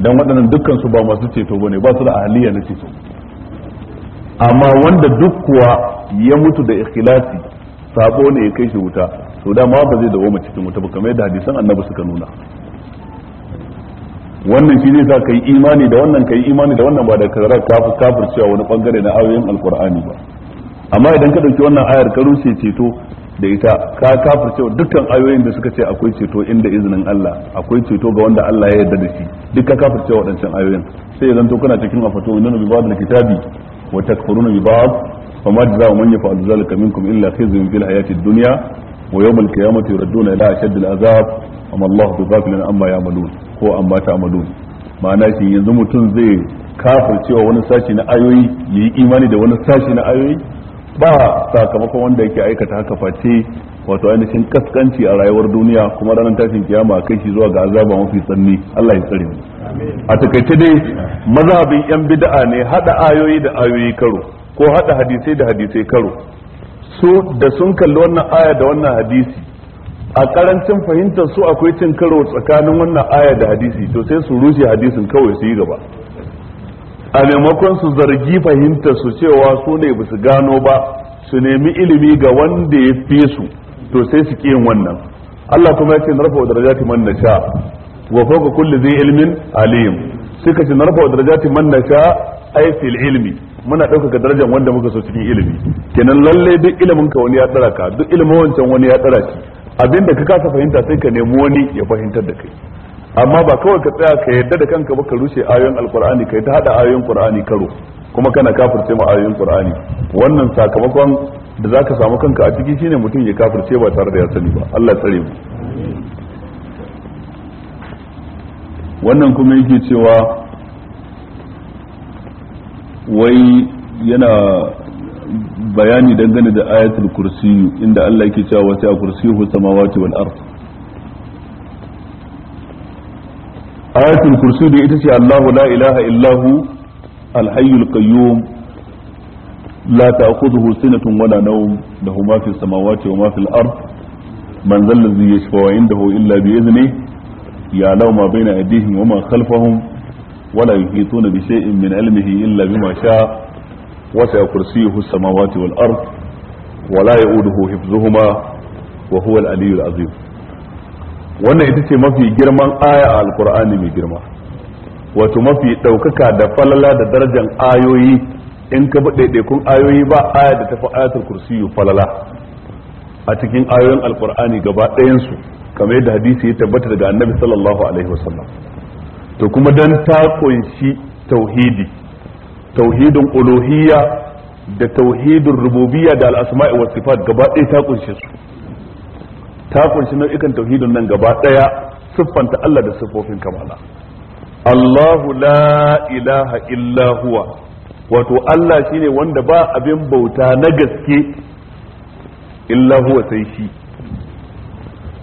dan waɗannan dukkan su ba masu ceto bane ba su da ahaliya na ceto amma wanda duk kuwa ya mutu da ikhlasi sabo ne ya kai shi wuta to dama ba zai dawo cikin wuta ba kamar yadda hadisan annabi suka nuna wannan shi zai sa ka yi imani da wannan ka yi imani da wannan ba da fi kafir cewa wani bangare na ayoyin alkur'ani ba amma idan ka dauki wannan ayar ka rushe ceto da ita ka kafir cewa dukkan ayoyin da suka ce akwai ceto inda izinin Allah akwai ceto ga wanda Allah ya yarda da shi duk ka kafir cewa waɗancan ayoyin sai ya zanto kana cikin afato inna nabi ba'd kitabi wa takfuruna bi ba'd fa ma jaza'u man yaf'alu zalika minkum illa khizyun fil hayati dunya wa yawm al-qiyamati yuradduna ila ashaddil azab amma Allahu bi ghafilin amma ya'malun ko amma ta amadu ma'ana shi yanzu mutum zai kafir cewa wani sashi na ayoyi yi imani da wani sashi na ayoyi ba sakamakon wanda yake aikata haka face wato ainihin kaskanci a rayuwar duniya kuma ranar tashin kiyama kai shi zuwa ga azaba mafi tsanni Allah ya tsare mu a takaice dai mazhabin yan bid'a ne hada ayoyi da ayoyi karo ko hada hadisai da hadisai karo su da sun kalli wannan aya da wannan hadisi a karancin fahimtar su akwai cin karo tsakanin wannan aya da hadisi to sai su rushe hadisin kawai su yi gaba a maimakon su zargi fahimtar su cewa su ne bisu gano ba su nemi ilimi ga wanda ya fi su to sai su yin wannan Allah kuma ya ce narfa darajati man nasha wa fawqa kulli dhi ilmin alim suka ce narfa darajati man nasha ai fil ilmi muna ɗaukaka darajar wanda muka so cikin ilimi kenan lallai duk ilimin ka wani ya tsara ka duk ilimin wancan wani ya tsara shi abin da ka kasa fahimta sai ka nemi wani ya fahimtar da kai amma ba kawai ka tsaya ka yadda da kanka ba ka rushe ayoyin alkur'ani kai ta hada ayoyin qur'ani karo kuma kana kafirce ma ayoyin qur'ani wannan sakamakon da zaka samu kanka a ciki shine mutum ya kafirce ba tare da ya sani ba Allah tsare mu wannan kuma yake cewa wai yana bayani dangane da ayatul kursi inda Allah yake cewa wasi a kursi kursiyu samawati wal ard ayatul kursiyu da ita ce Allahu la ilaha illahu al-hayyul qayyum la ta'khudhuhu sinatun wala nawm lahu ma fis samawati wa ma fil ard man dhal ladhi yashfa'u 'indahu illa bi idhnihi ya'lamu ma bayna aydihim wa ma khalfahum ولا يحيطون بشيء من علمه إلا بما شاء وسع كرسيه السماوات والأرض ولا يؤوده حفظهما وهو العلي العظيم wannan ita ce mafi girman aya a alkur'ani mai girma wato mafi ɗaukaka da falala da darajar ayoyi in ka bi ɗaiɗaikun ayoyi ba aya da tafi ayatul kursiyu falala a cikin ayoyin alkur'ani gaba ɗayansu kamar yadda hadisi ya tabbata daga annabi sallallahu alaihi wasallam to kuma dan ta kunshi tauhidi tauhidin uluhiyya da tauhidin rububiyya da al'asma'i wa sifat gaba ɗaya ta ƙunshi su ta kunshi nau'ikan tauhidin nan gaba ɗaya siffanta Allah da siffofin kamala Allahu la ilaha illa huwa wato Allah shine wanda ba abin bauta na gaske illa huwa sai shi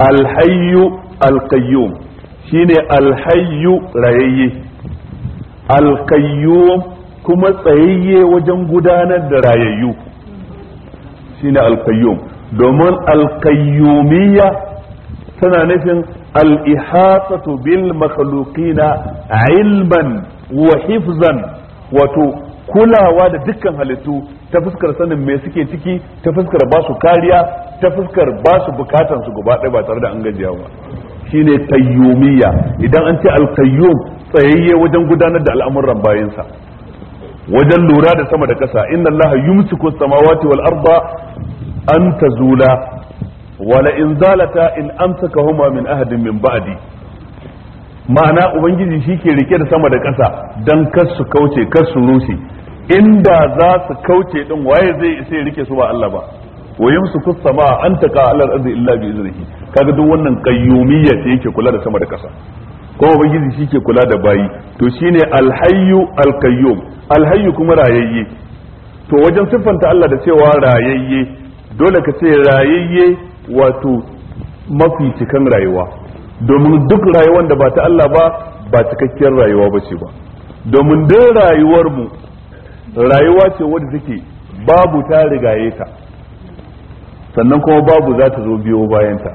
alhayyu alqayyum shine alhayyu rayayye alqayyum kuma tsayayye wajen gudanar da rayayyu shine alkayyum domin alkayyumiyya tana nufin al-ihatatu bil makhluqina ilman wa hifzan wato kulawa da dukkan halittu ta fuskar sanin me suke ciki ta fuskar ba su kariya ta fuskar ba su bukatan su gaba ɗaya ba tare da an gajiya ba shine kayyumiyya idan an ce alkayyum tsayayye wajen gudanar da al'amuran bayansa wajen lura da sama da ƙasa inna allaha yumsiku samawati wal arda an tazula wala in zalata in amsakahuma min ahadin min ba'di ma'ana ubangiji shi ke rike da sama da ƙasa dan kar su kauce kar su rushe inda za su kauce din waye zai isa ya rike su ba Allah ba wa yumsiku sama an taqa ala al-ardi illa bi iznihi kaga duk wannan qayyumiyya ce yake kula da sama da kasa kuma ubangiji shi ke kula da bayi to shine alhayyu alkayyum alhayyu kuma rayayye to wajen siffanta Allah da cewa rayayye dole ka ce rayayye wato mafi cikan rayuwa domin duk rayuwar da ba ta Allah ba ba cikakkiyar rayuwa ba ce ba domin duk rayuwar mu rayuwa ce wadda take babu ta rigaye ta sannan kuma babu za ta zo biyo bayanta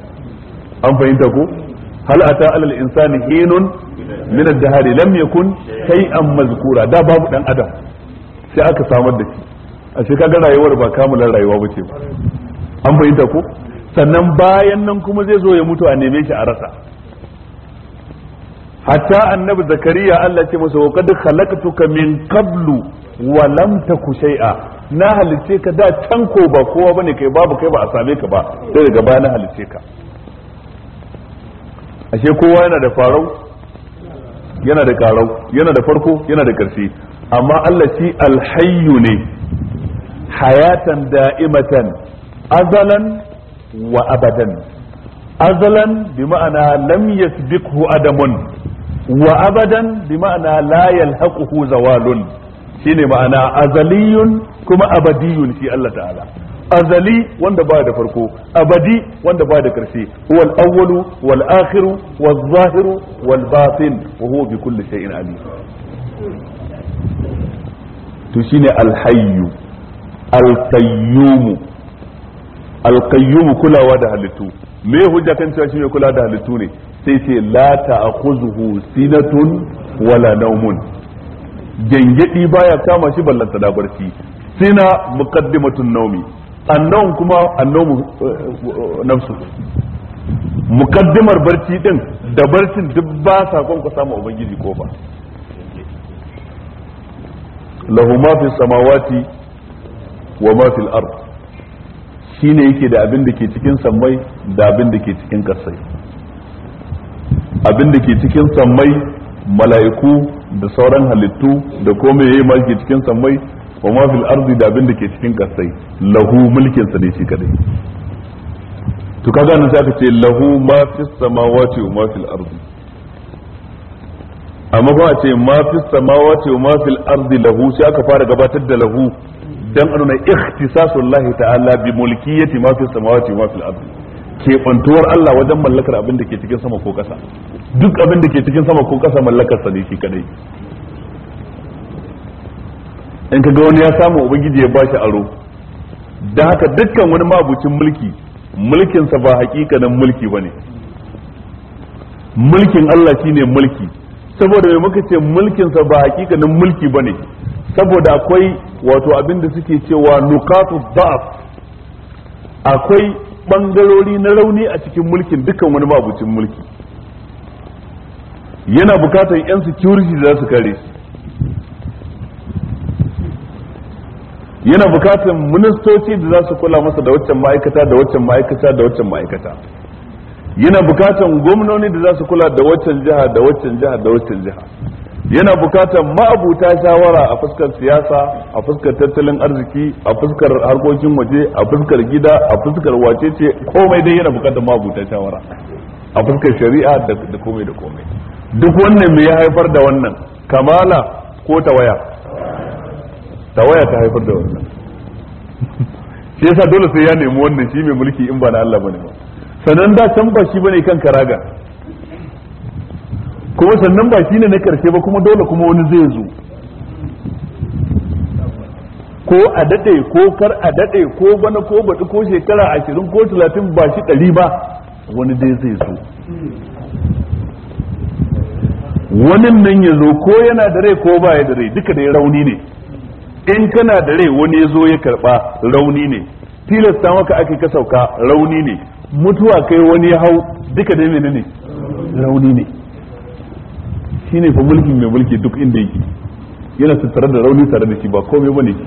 an fahimta ko hal ata alal insani hinun min ad-dahar lam yakun shay'an mazkura da babu dan adam sai aka samar da shi a shi kaga rayuwar ba kamulan rayuwa bace ba an bayyana ko sannan bayan nan kuma zai zo ya mutu a neme shi a rasa hatta annabi zakariya Allah ce masa wa qad khalaqtuka min qablu wa lam taku shay'a na halice ka da can ko ba kowa bane kai babu kai ba a same ka ba sai daga baya na halice ka ashe kowa yana da farau yana da karau yana da farko yana da ƙarshe amma Allah shi alhayyu ne hayatan da'imatan azalan wa abadan azalan bi ma'ana lam yasbiqhu adamun wa abadan bi ma'ana la yalhaquhu zawalun shine ma'ana azaliyun kuma abadiyun shi Allah ta'ala azali wanda baya da farko abadi wanda baya da karshe wal awwalu wal akhiru waz zahiru wal batin wa huwa bi kulli shay'in alim to shine al hayyu al qayyum al qayyum kulawa da halittu me hujja kan cewa shi kula da halittu ne sai sai la ta'khuzuhu sinatun wala nawmun gengedi baya kama shi ballanta da barci sina muqaddimatun nawmi annon kuma annon eh, nafsu mukaddimar barci din da barcin duk ba sa kon ku samu ubangiji ba. lahu ma fi samawati wa ma fil ard shine yake da abin da ke cikin sammai da abin da ke cikin kasai abin da ke cikin sammai mala'iku da sauran halittu da komai yayi ma ke cikin sammai wa ma fil ardi da abin da ke cikin kasai lahu mulkin sa ne shi kadai to kaga nan sai aka ce lahu ma fis samawati wa ma fil ardi amma ba a ce ma fis samawati wa ma fil ardi lahu sai aka fara gabatar da lahu dan an nuna ikhtisasullahi ta'ala bi mulkiyati ma fis samawati wa ma fil ardi keɓantuwar Allah wajen mallakar abin da ke cikin sama ko ƙasa duk abin da ke cikin sama ko ƙasa mallakar sa ne shi kadai in ga wani ya samu ubangiji ya bashi aro Da haka dukkan wani mabucin mulki mulkinsa ba hakikanin mulki bane mulkin Allah shine mulki saboda mai muka ce mulkinsa ba hakikanin mulki bane saboda akwai wato abin da suke cewa nukatu da'af akwai bangarori na rauni a cikin mulkin dukkan wani mabucin mulki yana bukatar yan security da za su kare shi yana bukatar ministoci da za su kula masa da waccan ma'aikata da waccan ma'aikata da waccan ma'aikata yana bukatar gwamnoni da za su kula da waccan jiha da waccan jiha da waccan jiha yana bukatar ma'abuta shawara a fuskar siyasa a fuskar tattalin arziki a fuskar harkokin waje a fuskar gida a fuskar wacece komai dai yana bukatar ma'abuta shawara a fuskar shari'a da komai da komai duk wannan me ya haifar da wannan kamala ko tawaya tawaya ta haifar da wannan shi yasa dole sai ya nemi wannan shi mai mulki in ba na Allah bane ba sannan da can ba shi bane kan karaga kuma sannan ba shi ne na karshe ba kuma dole kuma wani zai zo ko a daɗe ko kar a daɗe ko bana ko batu ko shekara ashirin ko talatin ba shi ɗari ba wani dai zai zo wani nan ya zo ko yana da rai ko ba ya da rai duka da rauni ne in kana da rai wani ya zo ya karba rauni ne tilasta maka ake ka sauka rauni ne mutuwa kai wani ya hau duka da menene rauni ne Shi ne fa mulkin mai mulki duk inda yake yana tare da rauni tare da shi ba komai bane shi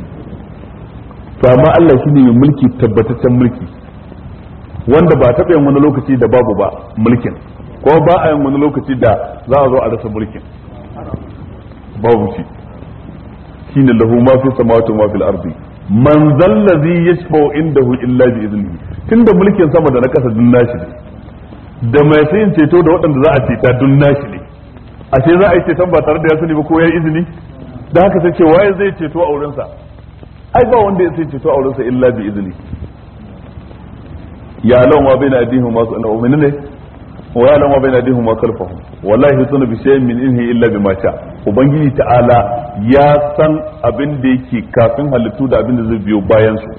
to amma Allah shi ne mai mulki tabbataccen mulki wanda ba taɓa yin wani lokaci da babu ba mulkin ko ba a yin wani lokaci da za a zo a rasa mulkin babu shi shine lahu ma fi samawati ma fil ardi man zallazi yashfa'u indahu illa bi idnihi tunda mulkin sama da na kasa dun nashi ne da mai sayin ceto da waɗanda za a ceta dun nashi ne ashe za a yi ceton ba tare da ya sani ba ko ya izini da haka sai ce waye zai ceto a wurinsa ai ba wanda ya sai ceto a wurinsa illa bi izini ya lawan wa bai na adihin masu al'umma ne wa ya'lamu ma bayna aydihim wa khalfahum wallahi yutuna bi shay'in min inhi illa bima sha ubangiji ta'ala ya san abin da yake kafin halittu da abin da zai biyo bayan su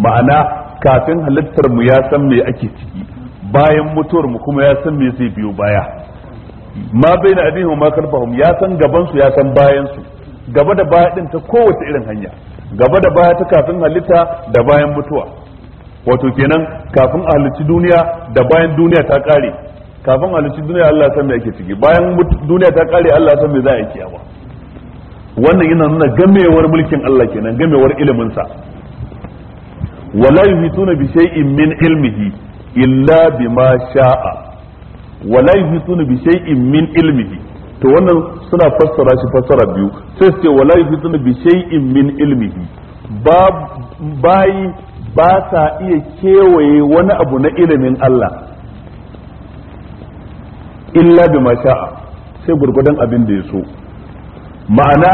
ma'ana kafin halittar mu ya san me ake ciki bayan mutuwar mu kuma ya san me zai biyo baya ma bayna aydihim ma khalfahum ya san gaban su ya san bayan su gaba da baya din ta kowace irin hanya gaba da baya ta kafin halitta da bayan mutuwa wato kenan kafin a halicci duniya da bayan duniya ta kare kafin halittu duniya Allah san me ake ciki bayan duniya ta kare Allah san me za a yi kiyama wannan yana nuna gamewar mulkin Allah kenan gamewar ilimin sa wala yuhituna bi shay'in min ilmihi illa bima sha'a wala yuhituna bi shay'in min ilmihi to wannan suna fassara shi fassara biyu sai su ce wala yuhituna bi shay'in min ilmihi ba bayi ba sa iya kewaye wani abu na ilimin Allah illa bi masha'a sai gurgudan abin da ya so ma'ana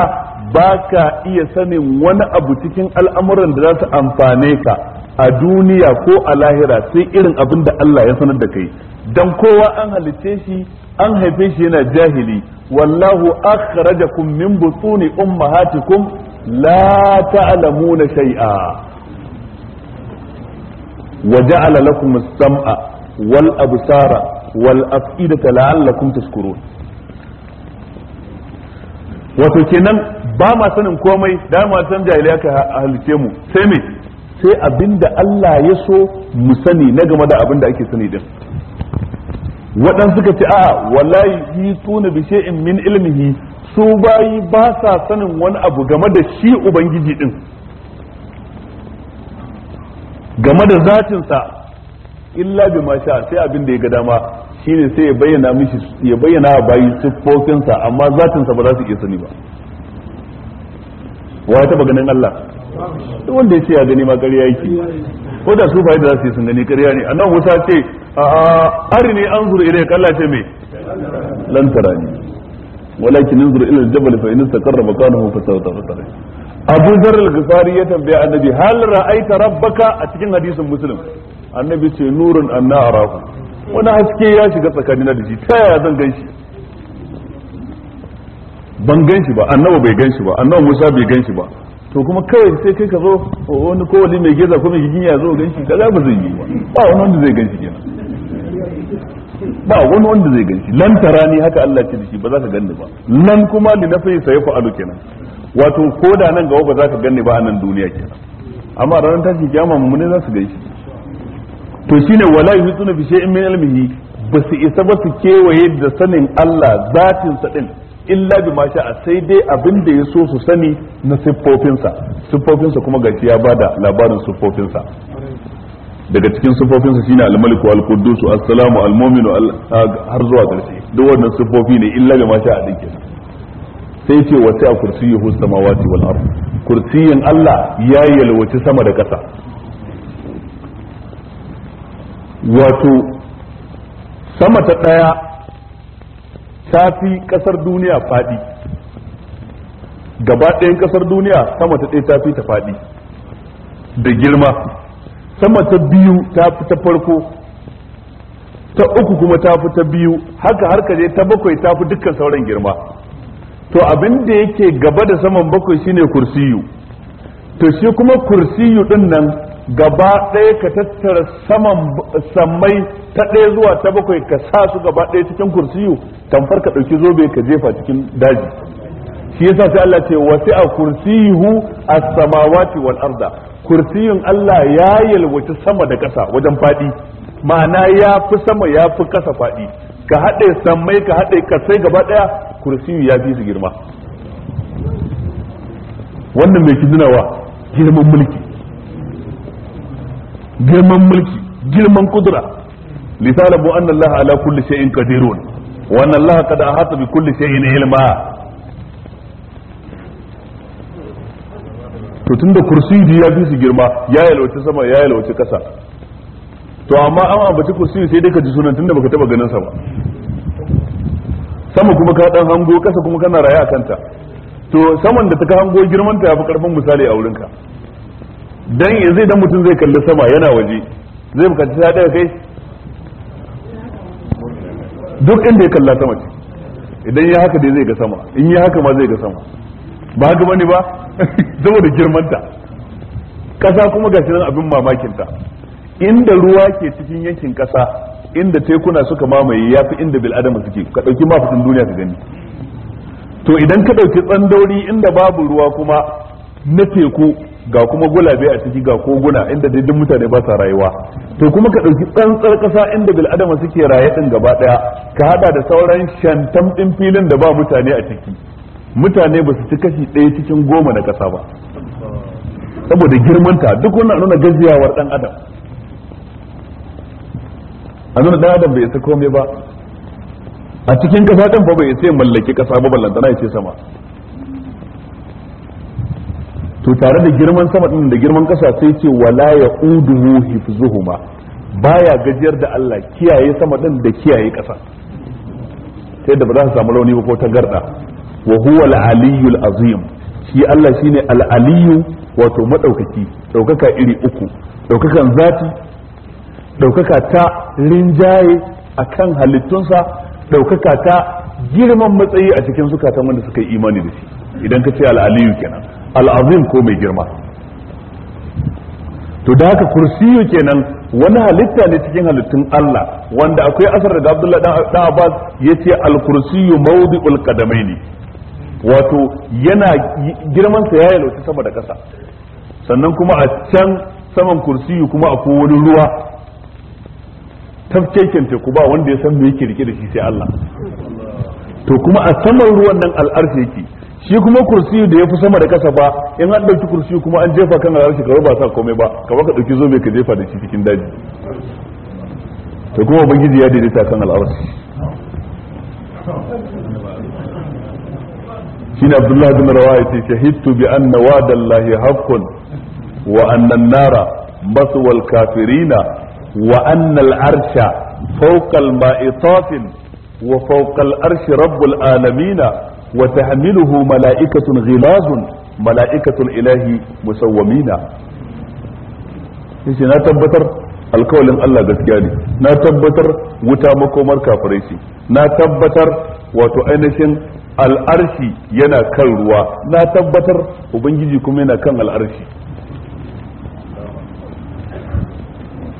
ba ka iya sanin wani abu cikin al'amuran da za su amfane ka a duniya ko a lahira sai irin abin da Allah ya sanar da kai dan kowa an halitte shi an haife shi yana jahili wallahu akhrajakum min butuni ummahatikum la ta'lamuna shay'a wa ja'ala lakum as-sam'a wal absara wal afidata la'allakum tashkurun wato kenan ba ma sanin komai da ma san jahiliya ka halice mu sai me sai abinda Allah ya so mu sani na game da abinda ake sani din waɗansu suka ce a'a wallahi yi tuna bi shay'in min ilmihi su bayi ba sa sanin wani abu game da shi ubangiji din game da zatinsa illa bi masha sai abinda ya ga dama shine sai ya bayyana mishi ya bayyana wa bayi siffofinsa amma zatinsa ba za su iya sani ba wa taba ganin Allah duk wanda ya ce ya gani ma ƙarya yake ko da su bai da za su yi sun gani ƙarya ne annabi Musa ce a arini anzur ilayka Allah ce me lan tarani walakin anzur ila al-jabal fa in istaqarra makanahu fa sawfa tasra Abu Dharr al-Ghifari ya tambaya annabi hal ra'aita rabbaka a cikin hadisin Muslim annabi ce nurun anna arahu wani haske ya shiga tsakanina da shi ta yaya zan gan shi ban gan shi ba annabi bai gan shi ba annabi Musa bai gan shi ba to kuma kawai sai kai ka zo wani ko wani mai geza ko mai gigin ya zo gan shi kaza ba zai yi ba wani wanda zai gan shi kenan ba wani wanda zai gan shi tara tarani haka Allah ce da shi ba za ka ganni ba lan kuma li nafi sai ku alu kenan wato ko da nan gaba ba za ka ganni ba a nan duniya kenan amma ranar tashi kiyama mu ne za su gan shi to shine wala yuhituna bi shay'in min ilmihi ba su isa ba su kewaye da sanin Allah zatin sa din illa bi ma sha'a sai dai abin da ya so su sani na siffofinsa siffofinsa kuma gashi ya bada labarin siffofinsa daga cikin siffofinsa shine al-maliku al-quddus as-salamu al-mu'minu har zuwa ƙarshe duk wannan siffofi ne illa bi ma sha'a din kenan sai ce wata kursiyuhu samawati wal ard kursiyin Allah ya yalwaci sama da ƙasa wato sama ta ɗaya ta fi ƙasar duniya faɗi gaba ɗayan ƙasar duniya sama ta ɗaya ta fi ta faɗi da girma sama ta biyu ta fi ta farko ta uku kuma ta fi ta biyu haka harka ka je ta bakwai ta fi dukkan sauran girma to abin da yake gaba da saman bakwai shine kursiyu to shi kuma kursiyu din nan gaba ɗaya ka tattara saman sammai ta ɗaya zuwa ta bakwai ka sa su gaba ɗaya cikin kursiyu tamfar ka ɗauki zobe ka jefa cikin daji shi yasa sai Allah ce wasi'a kursiyuhu as-samawati wal arda kursiyun Allah ya yalwaci sama da ƙasa wajen faɗi ma'ana ya fi sama ya fi ƙasa faɗi ka haɗe sammai ka haɗe kasai gaba ɗaya kursiyu ya fi su girma wannan mai kidunawa girman mulki girman mulki girman kudura bu anna allaha ala kulli shay'in qadirun wa anna allaha qad ahata bi kulli shay'in ilma to tunda kursiyi ya fi su girma ya yalwace sama ya yalwace kasa to amma an ambaci kursiyi sai dai ka ji sunan tunda baka taba ganin sa ba sama kuma ka dan hango kasa kuma kana raye a kanta to saman da ta ka hango girman ta yafi karfin misali a wurinka ka dan yanzu idan mutum zai kalli sama yana waje zai bukaci ta daya kai duk inda ya kalla sama ce idan ya haka dai zai ga sama in ya haka ma zai ga sama ba haka bane ba saboda girmanta kasa kuma gashi nan abin mamakinta inda ruwa ke cikin yankin kasa inda tekuna suka mamaye ya fi inda bil'adama suke ka ɗauki mafitin duniya ka gani to idan ka ɗauki tsandauri inda babu ruwa kuma na teku ga kuma gulabe a ciki ga koguna inda dai mutane ba sa rayuwa to kuma ka ɗauki tsantsar kasa inda bil adama suke raye din gaba ɗaya ka hada da sauran shantam ɗin filin da ba mutane a ciki mutane ba su ci kashi daya cikin goma na ƙasa ba saboda girmanta duk wannan nuna gajiyawar ɗan adam a nuna adam bai isa komai ba a cikin ƙasa ɗin fa bai isa mallaki ƙasa ba ballantana ya ce sama to tare da girman sama din da girman kasa sai ce wala yauduhu hifzuhuma baya gajiyar da Allah kiyaye sama din da kiyaye kasa sai da ba za su samu rauni ba ko tangarda wa huwa al-aliyyul azim shi Allah shine al-aliyyu wato madaukaki daukaka iri uku daukakan zati daukaka ta rinjaye akan halittunsa daukaka ta girman matsayi a cikin zukatan wanda suka yi imani da shi idan ka ce al-aliyyu kenan al'azim ko mai girma to da haka kursiyu kenan wani halitta ne cikin halittun Allah wanda akwai asar da Abdullah dan Abbas yace al-kursiyu mawdi'ul qadamaini wato yana girman sa ya lauti sama da ƙasa sannan kuma a can saman kursiyu kuma akwai wani ruwa tafkeken teku ba wanda ya san me yake rike da shi sai Allah to kuma a saman ruwan nan al'arshi yake shi kuma kursi da ya fi sama da kasa ba in an ɗauki kursi kuma an jefa kan halarci ka ba sa komai ba ka ɗauki zobe ka jefa da shi cikin daji to kuma ubangiji ya daidaita kan al'arci shine abdullahi bin rawa ya ce shahidtu bi anna wa'dallahi haqqun wa anna an-nara maswal kafirina wa anna al-arsha fawqa al-ma'i wa fawqa al-arshi rabbul alamina wa tahmiluhu mala'ikatun ghilazun mala'ikatul ilahi musawwamina yace na tabbatar alkawalin Allah gaskiya ne na tabbatar wuta makomar kafirai ce na tabbatar wato ainihin al'arshi yana kan ruwa na tabbatar ubangiji kuma yana kan al'arshi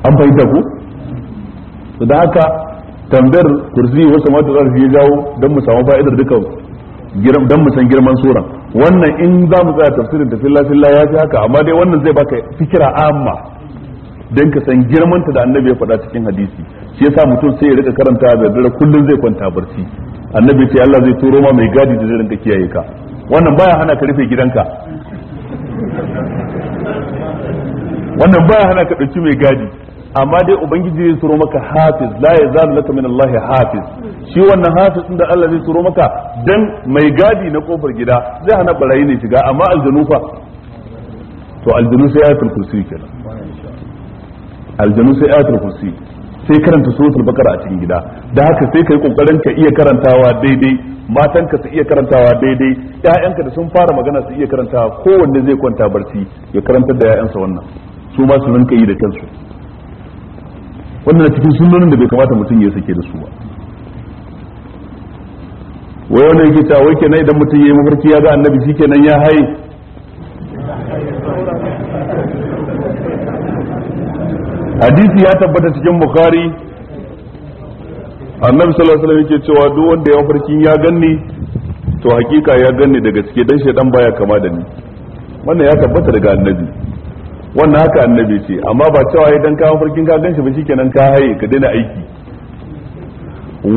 an fahimta ku da haka tambayar kursi wasu mata zarfi ya jawo don mu samu fa'idar dukan dan mu san girman sura wannan in za mu tsaya tafsirin tafilla filla ya fi haka amma dai wannan zai baka fikira amma dan ka san girman ta da annabi ya faɗa cikin hadisi shi yasa mutum sai ya rika karanta da dare kullun zai kwanta barci annabi sai Allah zai turo ma mai gadi da zai rinka kiyaye ka wannan baya hana ka rufe gidanka wannan baya hana ka dauki mai gadi amma dai ubangiji zai turo maka hafiz la zalu laka min allahi hafiz shi wannan hafiz din da Allah zai turo maka dan mai gadi na kofar gida zai hana barayi ne shiga amma aljanu fa to aljanu sai ayatul kursi kenan aljanu sai ayatul kursi sai karanta suratul baqara a cikin gida da haka sai kai kokarin ka iya karantawa daidai matanka su iya karantawa daidai ƴaƴanka da sun fara magana su iya karantawa kowanne zai kwanta barci ya karantar da ƴaƴansa wannan su ma su rinka yi da kansu wannan cikin sunnonin da bai kamata mutum ya sake da su ba wai wannan yake ta wai kenan idan mutum yayi mafarki ya ga annabi shi kenan ya haye hadisi ya tabbata cikin bukhari annabi sallallahu alaihi wasallam yake cewa duk wanda ya mafarki ya ganni to hakika ya ganni daga cike dan shedan baya kama da ni wannan ya tabbata daga annabi wannan haka annabi ce amma ba cewa idan ka farkin ka ganshi ba shikenan ka haye ka daina aiki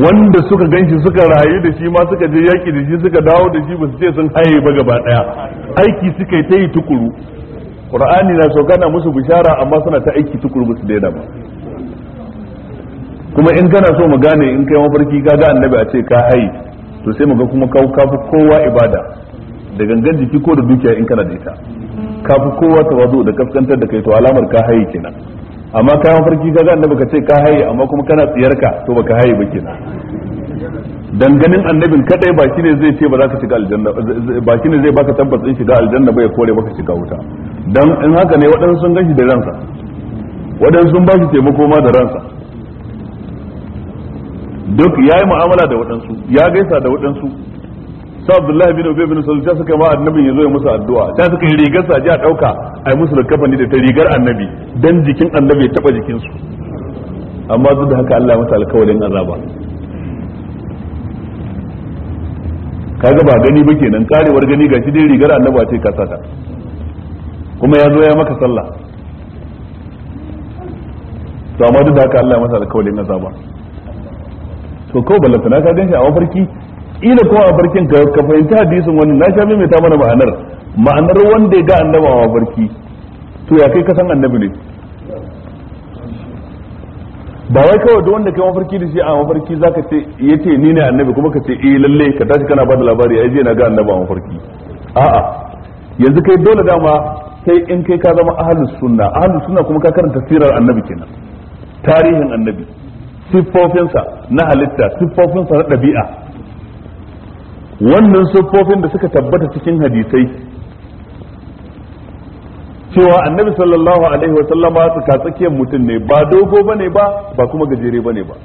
wanda suka ganshi suka rayu da shi ma suka je yaki da shi suka dawo da shi ba su ce sun haye ba gaba daya aiki suka yi ta yi tukuru qur'ani na sauka na musu bishara amma suna ta aiki tukuru ba su daina ba kuma in kana so mu gane in kai mafarki ka ga annabi a ce ka haye to sai mu ga kuma ka kowa ibada da gangan jiki ko da dukiya in kana da ita ka fi kowa ta wazo da kaskantar da kai to alamar ka haye kenan amma yi mafarki ga annabi ka ce ka haye amma kuma kana ka to baka haye ba kenan danganin annabin kadai ba shine zai ce ba za ka shiga aljanna ba shine zai baka in shiga aljanna ba ya kore baka shiga wuta dan in haka ne waɗansu sun gashi da ransa waɗansu sun ba shi taimako ma da ransa duk ya yi mu'amala da waɗansu ya gaisa da waɗansu sa Abdullahi bin Ubay bin Salul ta suka ma annabin yazo ya musu addu'a ta suka yi rigar sa ji a dauka ai musu kafani da ta rigar annabi dan jikin annabi ya taba jikin su amma duk da haka Allah masa alkawarin azaba kaga ba gani ba kenan karewar gani gashi dai rigar annabi ce ka saka. kuma ya zo ya maka sallah to amma duk da haka Allah masa alkawarin azaba to kawai ballantana ka ganshi a mafarki ila kuma a barkin ka ka fahimci hadisin wannan na sha ta mana ma'anar ma'anar wanda ya ga annabi a barki to ya kai ka annabi ne ba wai kawai duk wanda kai mafarki da shi a mafarki zaka ce yace ni ne annabi kuma ka ce eh lalle ka tashi kana bada labari ai je na ga annabi a mafarki a'a yanzu kai dole dama sai in kai ka zama ahlus sunna ahlus sunna kuma ka karanta sirar annabi kenan tarihin annabi siffofinsa na halitta siffofinsa na ɗabi'a wannan siffofin da suka tabbata cikin hadisai cewa annabi sallallahu alaihi wa sallama tsakiyar mutum ne ba dogo ba ne ba ba kuma gajere ba ne ba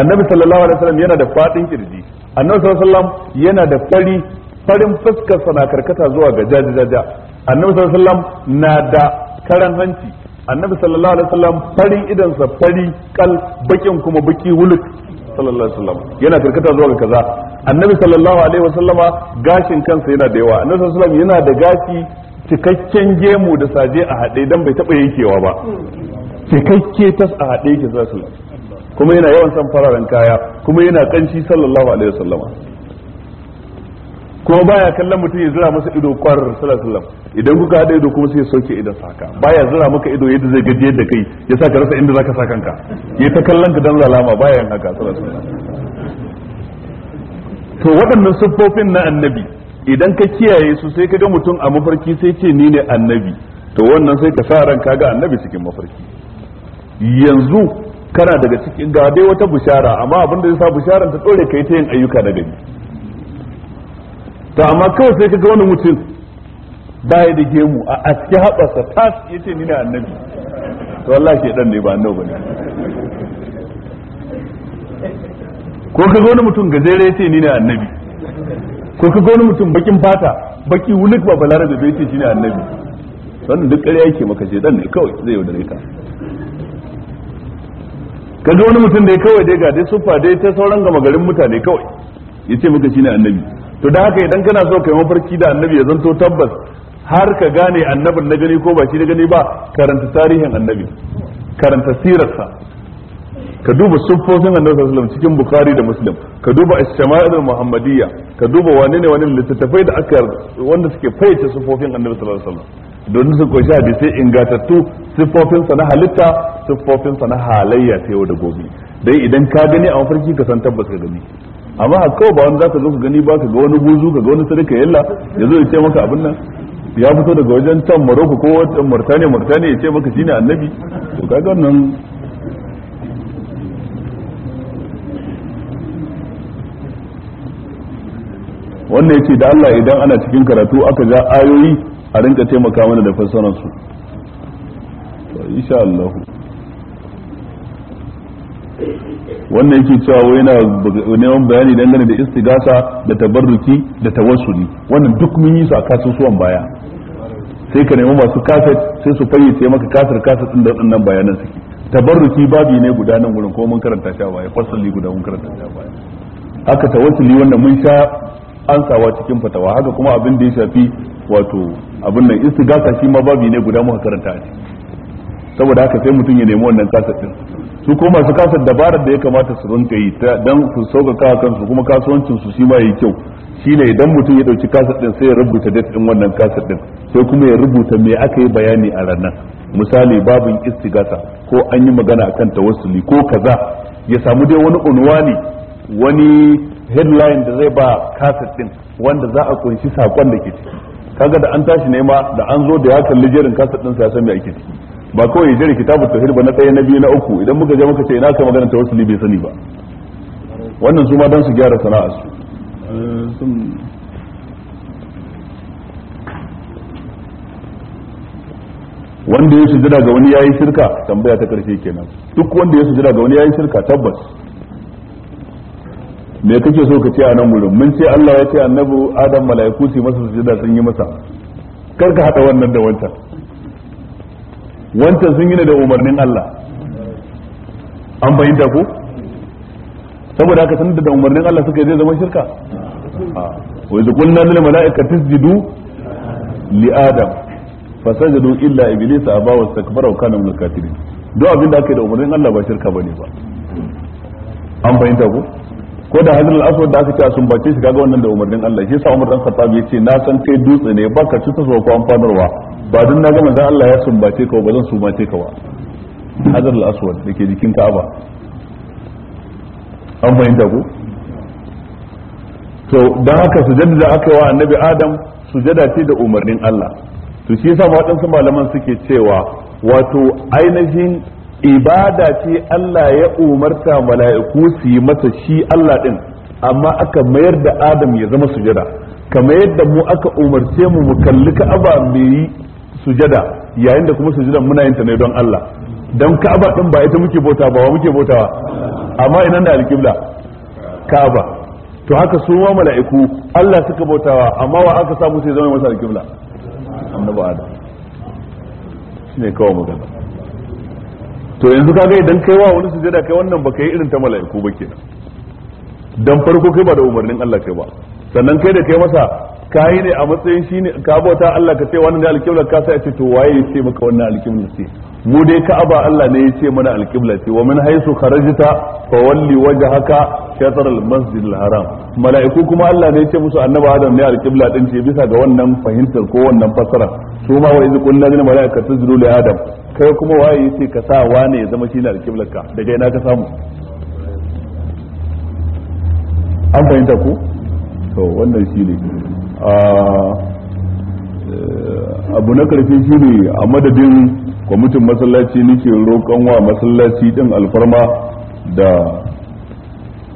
annabi sallallahu alaihi wa sallam yana da fadin kirji annabi sallallahu alaihi wasallam yana da fari farin fuskar sa na karkata zuwa ga jajajaja annabi sallallahu alaihi wasallam na da karan hanci annabi sallallahu alaihi wa sallam farin idan sa fari kal bakin kuma baki wuluk sallallahu alaihi wasallam yana karkata zuwa ga kaza annabi sallallahu alaihi wasallam gashin kansa yana da yawa annabi sallallahu alaihi wasallam yana da gashi cikakken gemu da saje a hade dan bai taba yankewa ba cikakke tas a hade yake sallallahu kuma yana yawan san fararen kaya kuma yana kanci sallallahu alaihi wasallam kuma baya kallon mutum ya zira masa ido kwar sallallahu idan kuka hada ido kuma sai ya sauke idan saka baya zira maka ido yadda zai gaji yadda kai ya sa ka rasa inda zaka sa kanka ya ta kallon ka dan zalama baya yin haka sallallahu to waɗannan siffofin na annabi idan ka kiyaye su sai ka ga mutum a mafarki sai ce ni ne annabi to wannan sai ka sa ran ka ga annabi cikin mafarki yanzu kana daga cikin ga dai wata bushara amma abin da ya sa bushara ta dore kai ta yin ayyuka na gari to amma kawai sai kaga wani mutum baya da gemu a aske haɓasa tas yi ni nina annabi to Allah ke ɗan ne ba annabi ne? ko kaga wani mutum gajere yace ni nina annabi ko kaga wani mutum bakin fata baki wulik ba balarabe bai ce ne annabi wannan duk ƙarya yake maka ce ɗan ne kawai zai yaudare ka kaga wani mutum da ya kawai dai ga dai sufa dai ta sauran gama garin mutane kawai ya ce maka shine annabi to da haka idan kana so kai mafarki da annabi ya zanto tabbas har ka gane annabin na gani ko ba shi na gani ba karanta tarihin annabi karanta sirarsa ka duba siffofin annabi sallallahu alaihi cikin bukhari da muslim ka duba ash-shama'il muhammadiyya ka duba wane ne wani littattafai da aka wanda suke fayyace siffofin annabi sallallahu alaihi wasallam don su koshi hadisai ingatattu siffofin sa na halitta siffofin sa na halayya ta yau da gobe dai idan ka gani a mafarki ka san tabbas ka gani amma a kawai ba wani za ka zo ka gani ba ka ga wani buzu ka ga wani sadaka yalla ya zo ya ce maka abin nan ya fito daga wajen can maroko ko wajen martani martani ya ce maka shine annabi to ga nan wannan ya ce da Allah idan ana cikin karatu aka ga ayoyi a rinka taimaka mana da fassarar su insha Allah wannan ke cewa wai yana neman bayani dangane da istigasa da tabarruki da tawassuli wannan duk mun yi su a kasusuwan baya sai ka nemi masu kaset sai su fayyace maka kasar kasar din da waɗannan bayanan suke tabarruki babi ne guda nan gurin ko mun karanta shi a baya fasali guda mun karanta shi a baya haka tawassuli wanda mun sha ansawa cikin fatawa haka kuma abin da ya shafi wato abin nan istigasa shi ma babi ne guda muka karanta shi saboda haka sai mutum ya nemi wannan kasar din su kuma masu kasa dabarar da ya kamata su rinka yi ta dan su sauƙaƙa kansu kuma kasuwancin su shi ma yayi kyau shine idan mutum ya dauki kasar din sai ya rubuta date din wannan kasar din sai kuma ya rubuta me aka yi bayani a ranar misali babin istigasa ko an yi magana akan tawassuli ko kaza ya samu dai wani unwani wani headline da zai ba kasar din wanda za a kunshi sakon da ke ciki kaga da an tashi nema da an zo da ya kalli jerin kasar din sai ya san me ake ciki ba kawai ya jira kitabu tauhid ba na ɗaya na biyu na uku idan muka je muka ce ina ka magana tawassuli bai sani ba wannan su ma dan su gyara sana'a su wanda ya sujada ga wani yayi shirka tambaya ta karshe kenan duk wanda ya sujada ga wani yayi shirka tabbas me kake so ka ce a nan gurin mun ce Allah ya ce annabi Adam mala'iku su masa sujada sun yi masa kar ka hada wannan da wancan wancan sun yi ne da umarnin Allah an fahimta ko saboda haka sanar da umarnin Allah suka zai zama shirka wa idh qulna lil mala'ikati isjudu li adam sajadu illa iblis aba wa istakbara wa kana minal kafirin duk abin da ake da umarnin Allah ba shirka bane ba an fahimta ko ko da hajar al da aka ce sun bace shi kaga wannan da umarnin Allah shi yasa Umar dan Khattab yace na san kai dutse ne baka cuta so ko amfanarwa ba don na ga manzon Allah ya sumbace ka ba zan sumbace ka ba hajar al da dake jikin Ka'aba an fahimta ko to dan haka sujada da aka yi wa annabi Adam sujada ce da umarnin Allah to shi yasa wadansu malaman suke cewa wato ainihin ibada ce Allah ya umarta mala'iku su yi masa shi Allah din amma aka mayar da Adam ya zama sujada kamar yadda mu aka umarce mu mu kalli Ka'aba mu yi sujada yayin da kuma sujudan muna yin ta ne don Allah don Ka'aba din ba ita muke bota ba wa muke bautawa amma inan da alƙibla Ka'aba to haka su ma mala'iku Allah suka bautawa amma wa aka samu sai zama masa alƙibla annabi Adam shine kawai magana to yanzu kaga idan kai wa wani sujada kai wannan baka yi irin ta mala'iku ba kenan dan farko kai ba da umarnin Allah kai ba sannan kai da kai masa kai ne a matsayin shi ne ka bauta Allah ka ce wannan alƙibla ka sai ce to waye ya ce maka wannan alƙibla ce mu dai ka'aba Allah ne ya ce mana alƙibla ce wa min haisu kharajta fa walli wajhaka shatr almasjid alharam haram mala'iku kuma Allah ne ya ce musu annabi Adam ne alƙibla din ce bisa ga wannan fahimtar ko wannan fasara su ma wa iz qulna lil mala'ikati isjudu li Adam kai kuma waye yace ka sa wane ya zama shine alkiblarka daga ina ka samu an fahimta ku to wannan shine ah, eh, abu na karfi shine a madadin kwamitin masallaci nake roƙon wa masallaci din alfarma da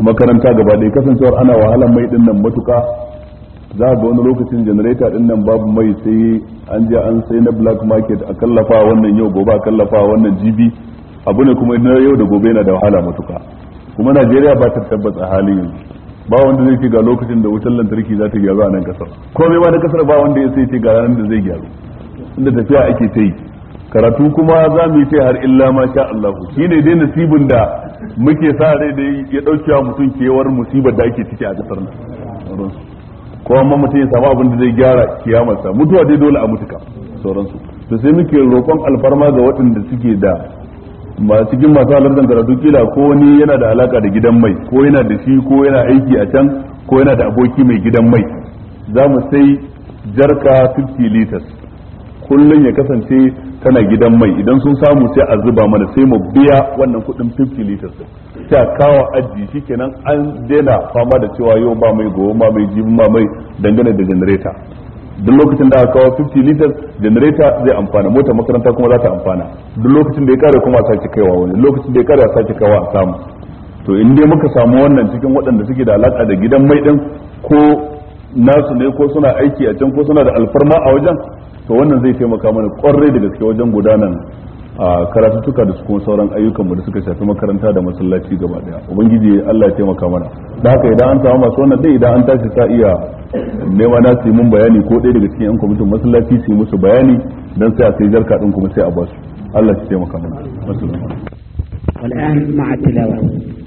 makaranta gaba ɗaya kasancewar ana wahalar mai ɗin nan matuka za ga wani lokacin janareta din nan babu mai sai an je an sai na black market a kallafa wannan yau gobe a kallafa wannan jibi abu ne kuma na yau da gobe yana da wahala matuka kuma najeriya ba ta tabbata halin yanzu ba wanda zai ce ga lokacin da wutar lantarki za ta gyaru a nan kasar komai ba na kasar ba wanda ya sai ce ga ranar da zai gyaru inda tafiya ake ta yi karatu kuma za mu yi ta har illa ma sha Allah shi ne dai nasibin da muke sa rai da ya wa mutum kewar musibar da ake ciki a kasar nan ko amma mutum ya samu abin da zai gyara kiyamarsa mutuwa dai dole a mutuka sauransu to sai muke roƙon alfarma ga waɗanda suke da ba cikin masu halartar karatu kila ko wani yana da alaka da gidan mai ko yana da shi ko yana aiki a can ko yana da aboki mai gidan mai za mu sai jarka 50 liters kullum ya kasance tana gidan mai idan sun samu sai a zuba mana sai mu biya wannan kuɗin 50 liters cakawa aji shi kenan an daina fama da cewa yau ba mai gobe ba mai jibin ba mai dangane da janareta duk lokacin da aka kawo 50 liter janareta zai amfana mota makaranta kuma za ta amfana duk lokacin da ya kare kuma a sake kaiwa wani lokacin da ya kare a sake kaiwa a samu to in dai muka samu wannan cikin waɗanda suke da alaƙa da gidan mai ɗin ko nasu ne ko suna aiki a can ko suna da alfarma a wajen to wannan zai taimaka mana kwarai da gaske wajen gudanar a karatuttuka da su kuma sauran ayyukan da suka shafi makaranta da masallaci gaba daya ubangiji Allah ya taimaka mana da haka idan an samu masu wannan dai idan an tashi sa iya nema na su mun bayani ko ɗaya daga cikin yan kwamitin masallaci su musu bayani dan sai a sai jarka din kuma sai a basu Allah ya taimaka mana والآن ma'a tilawa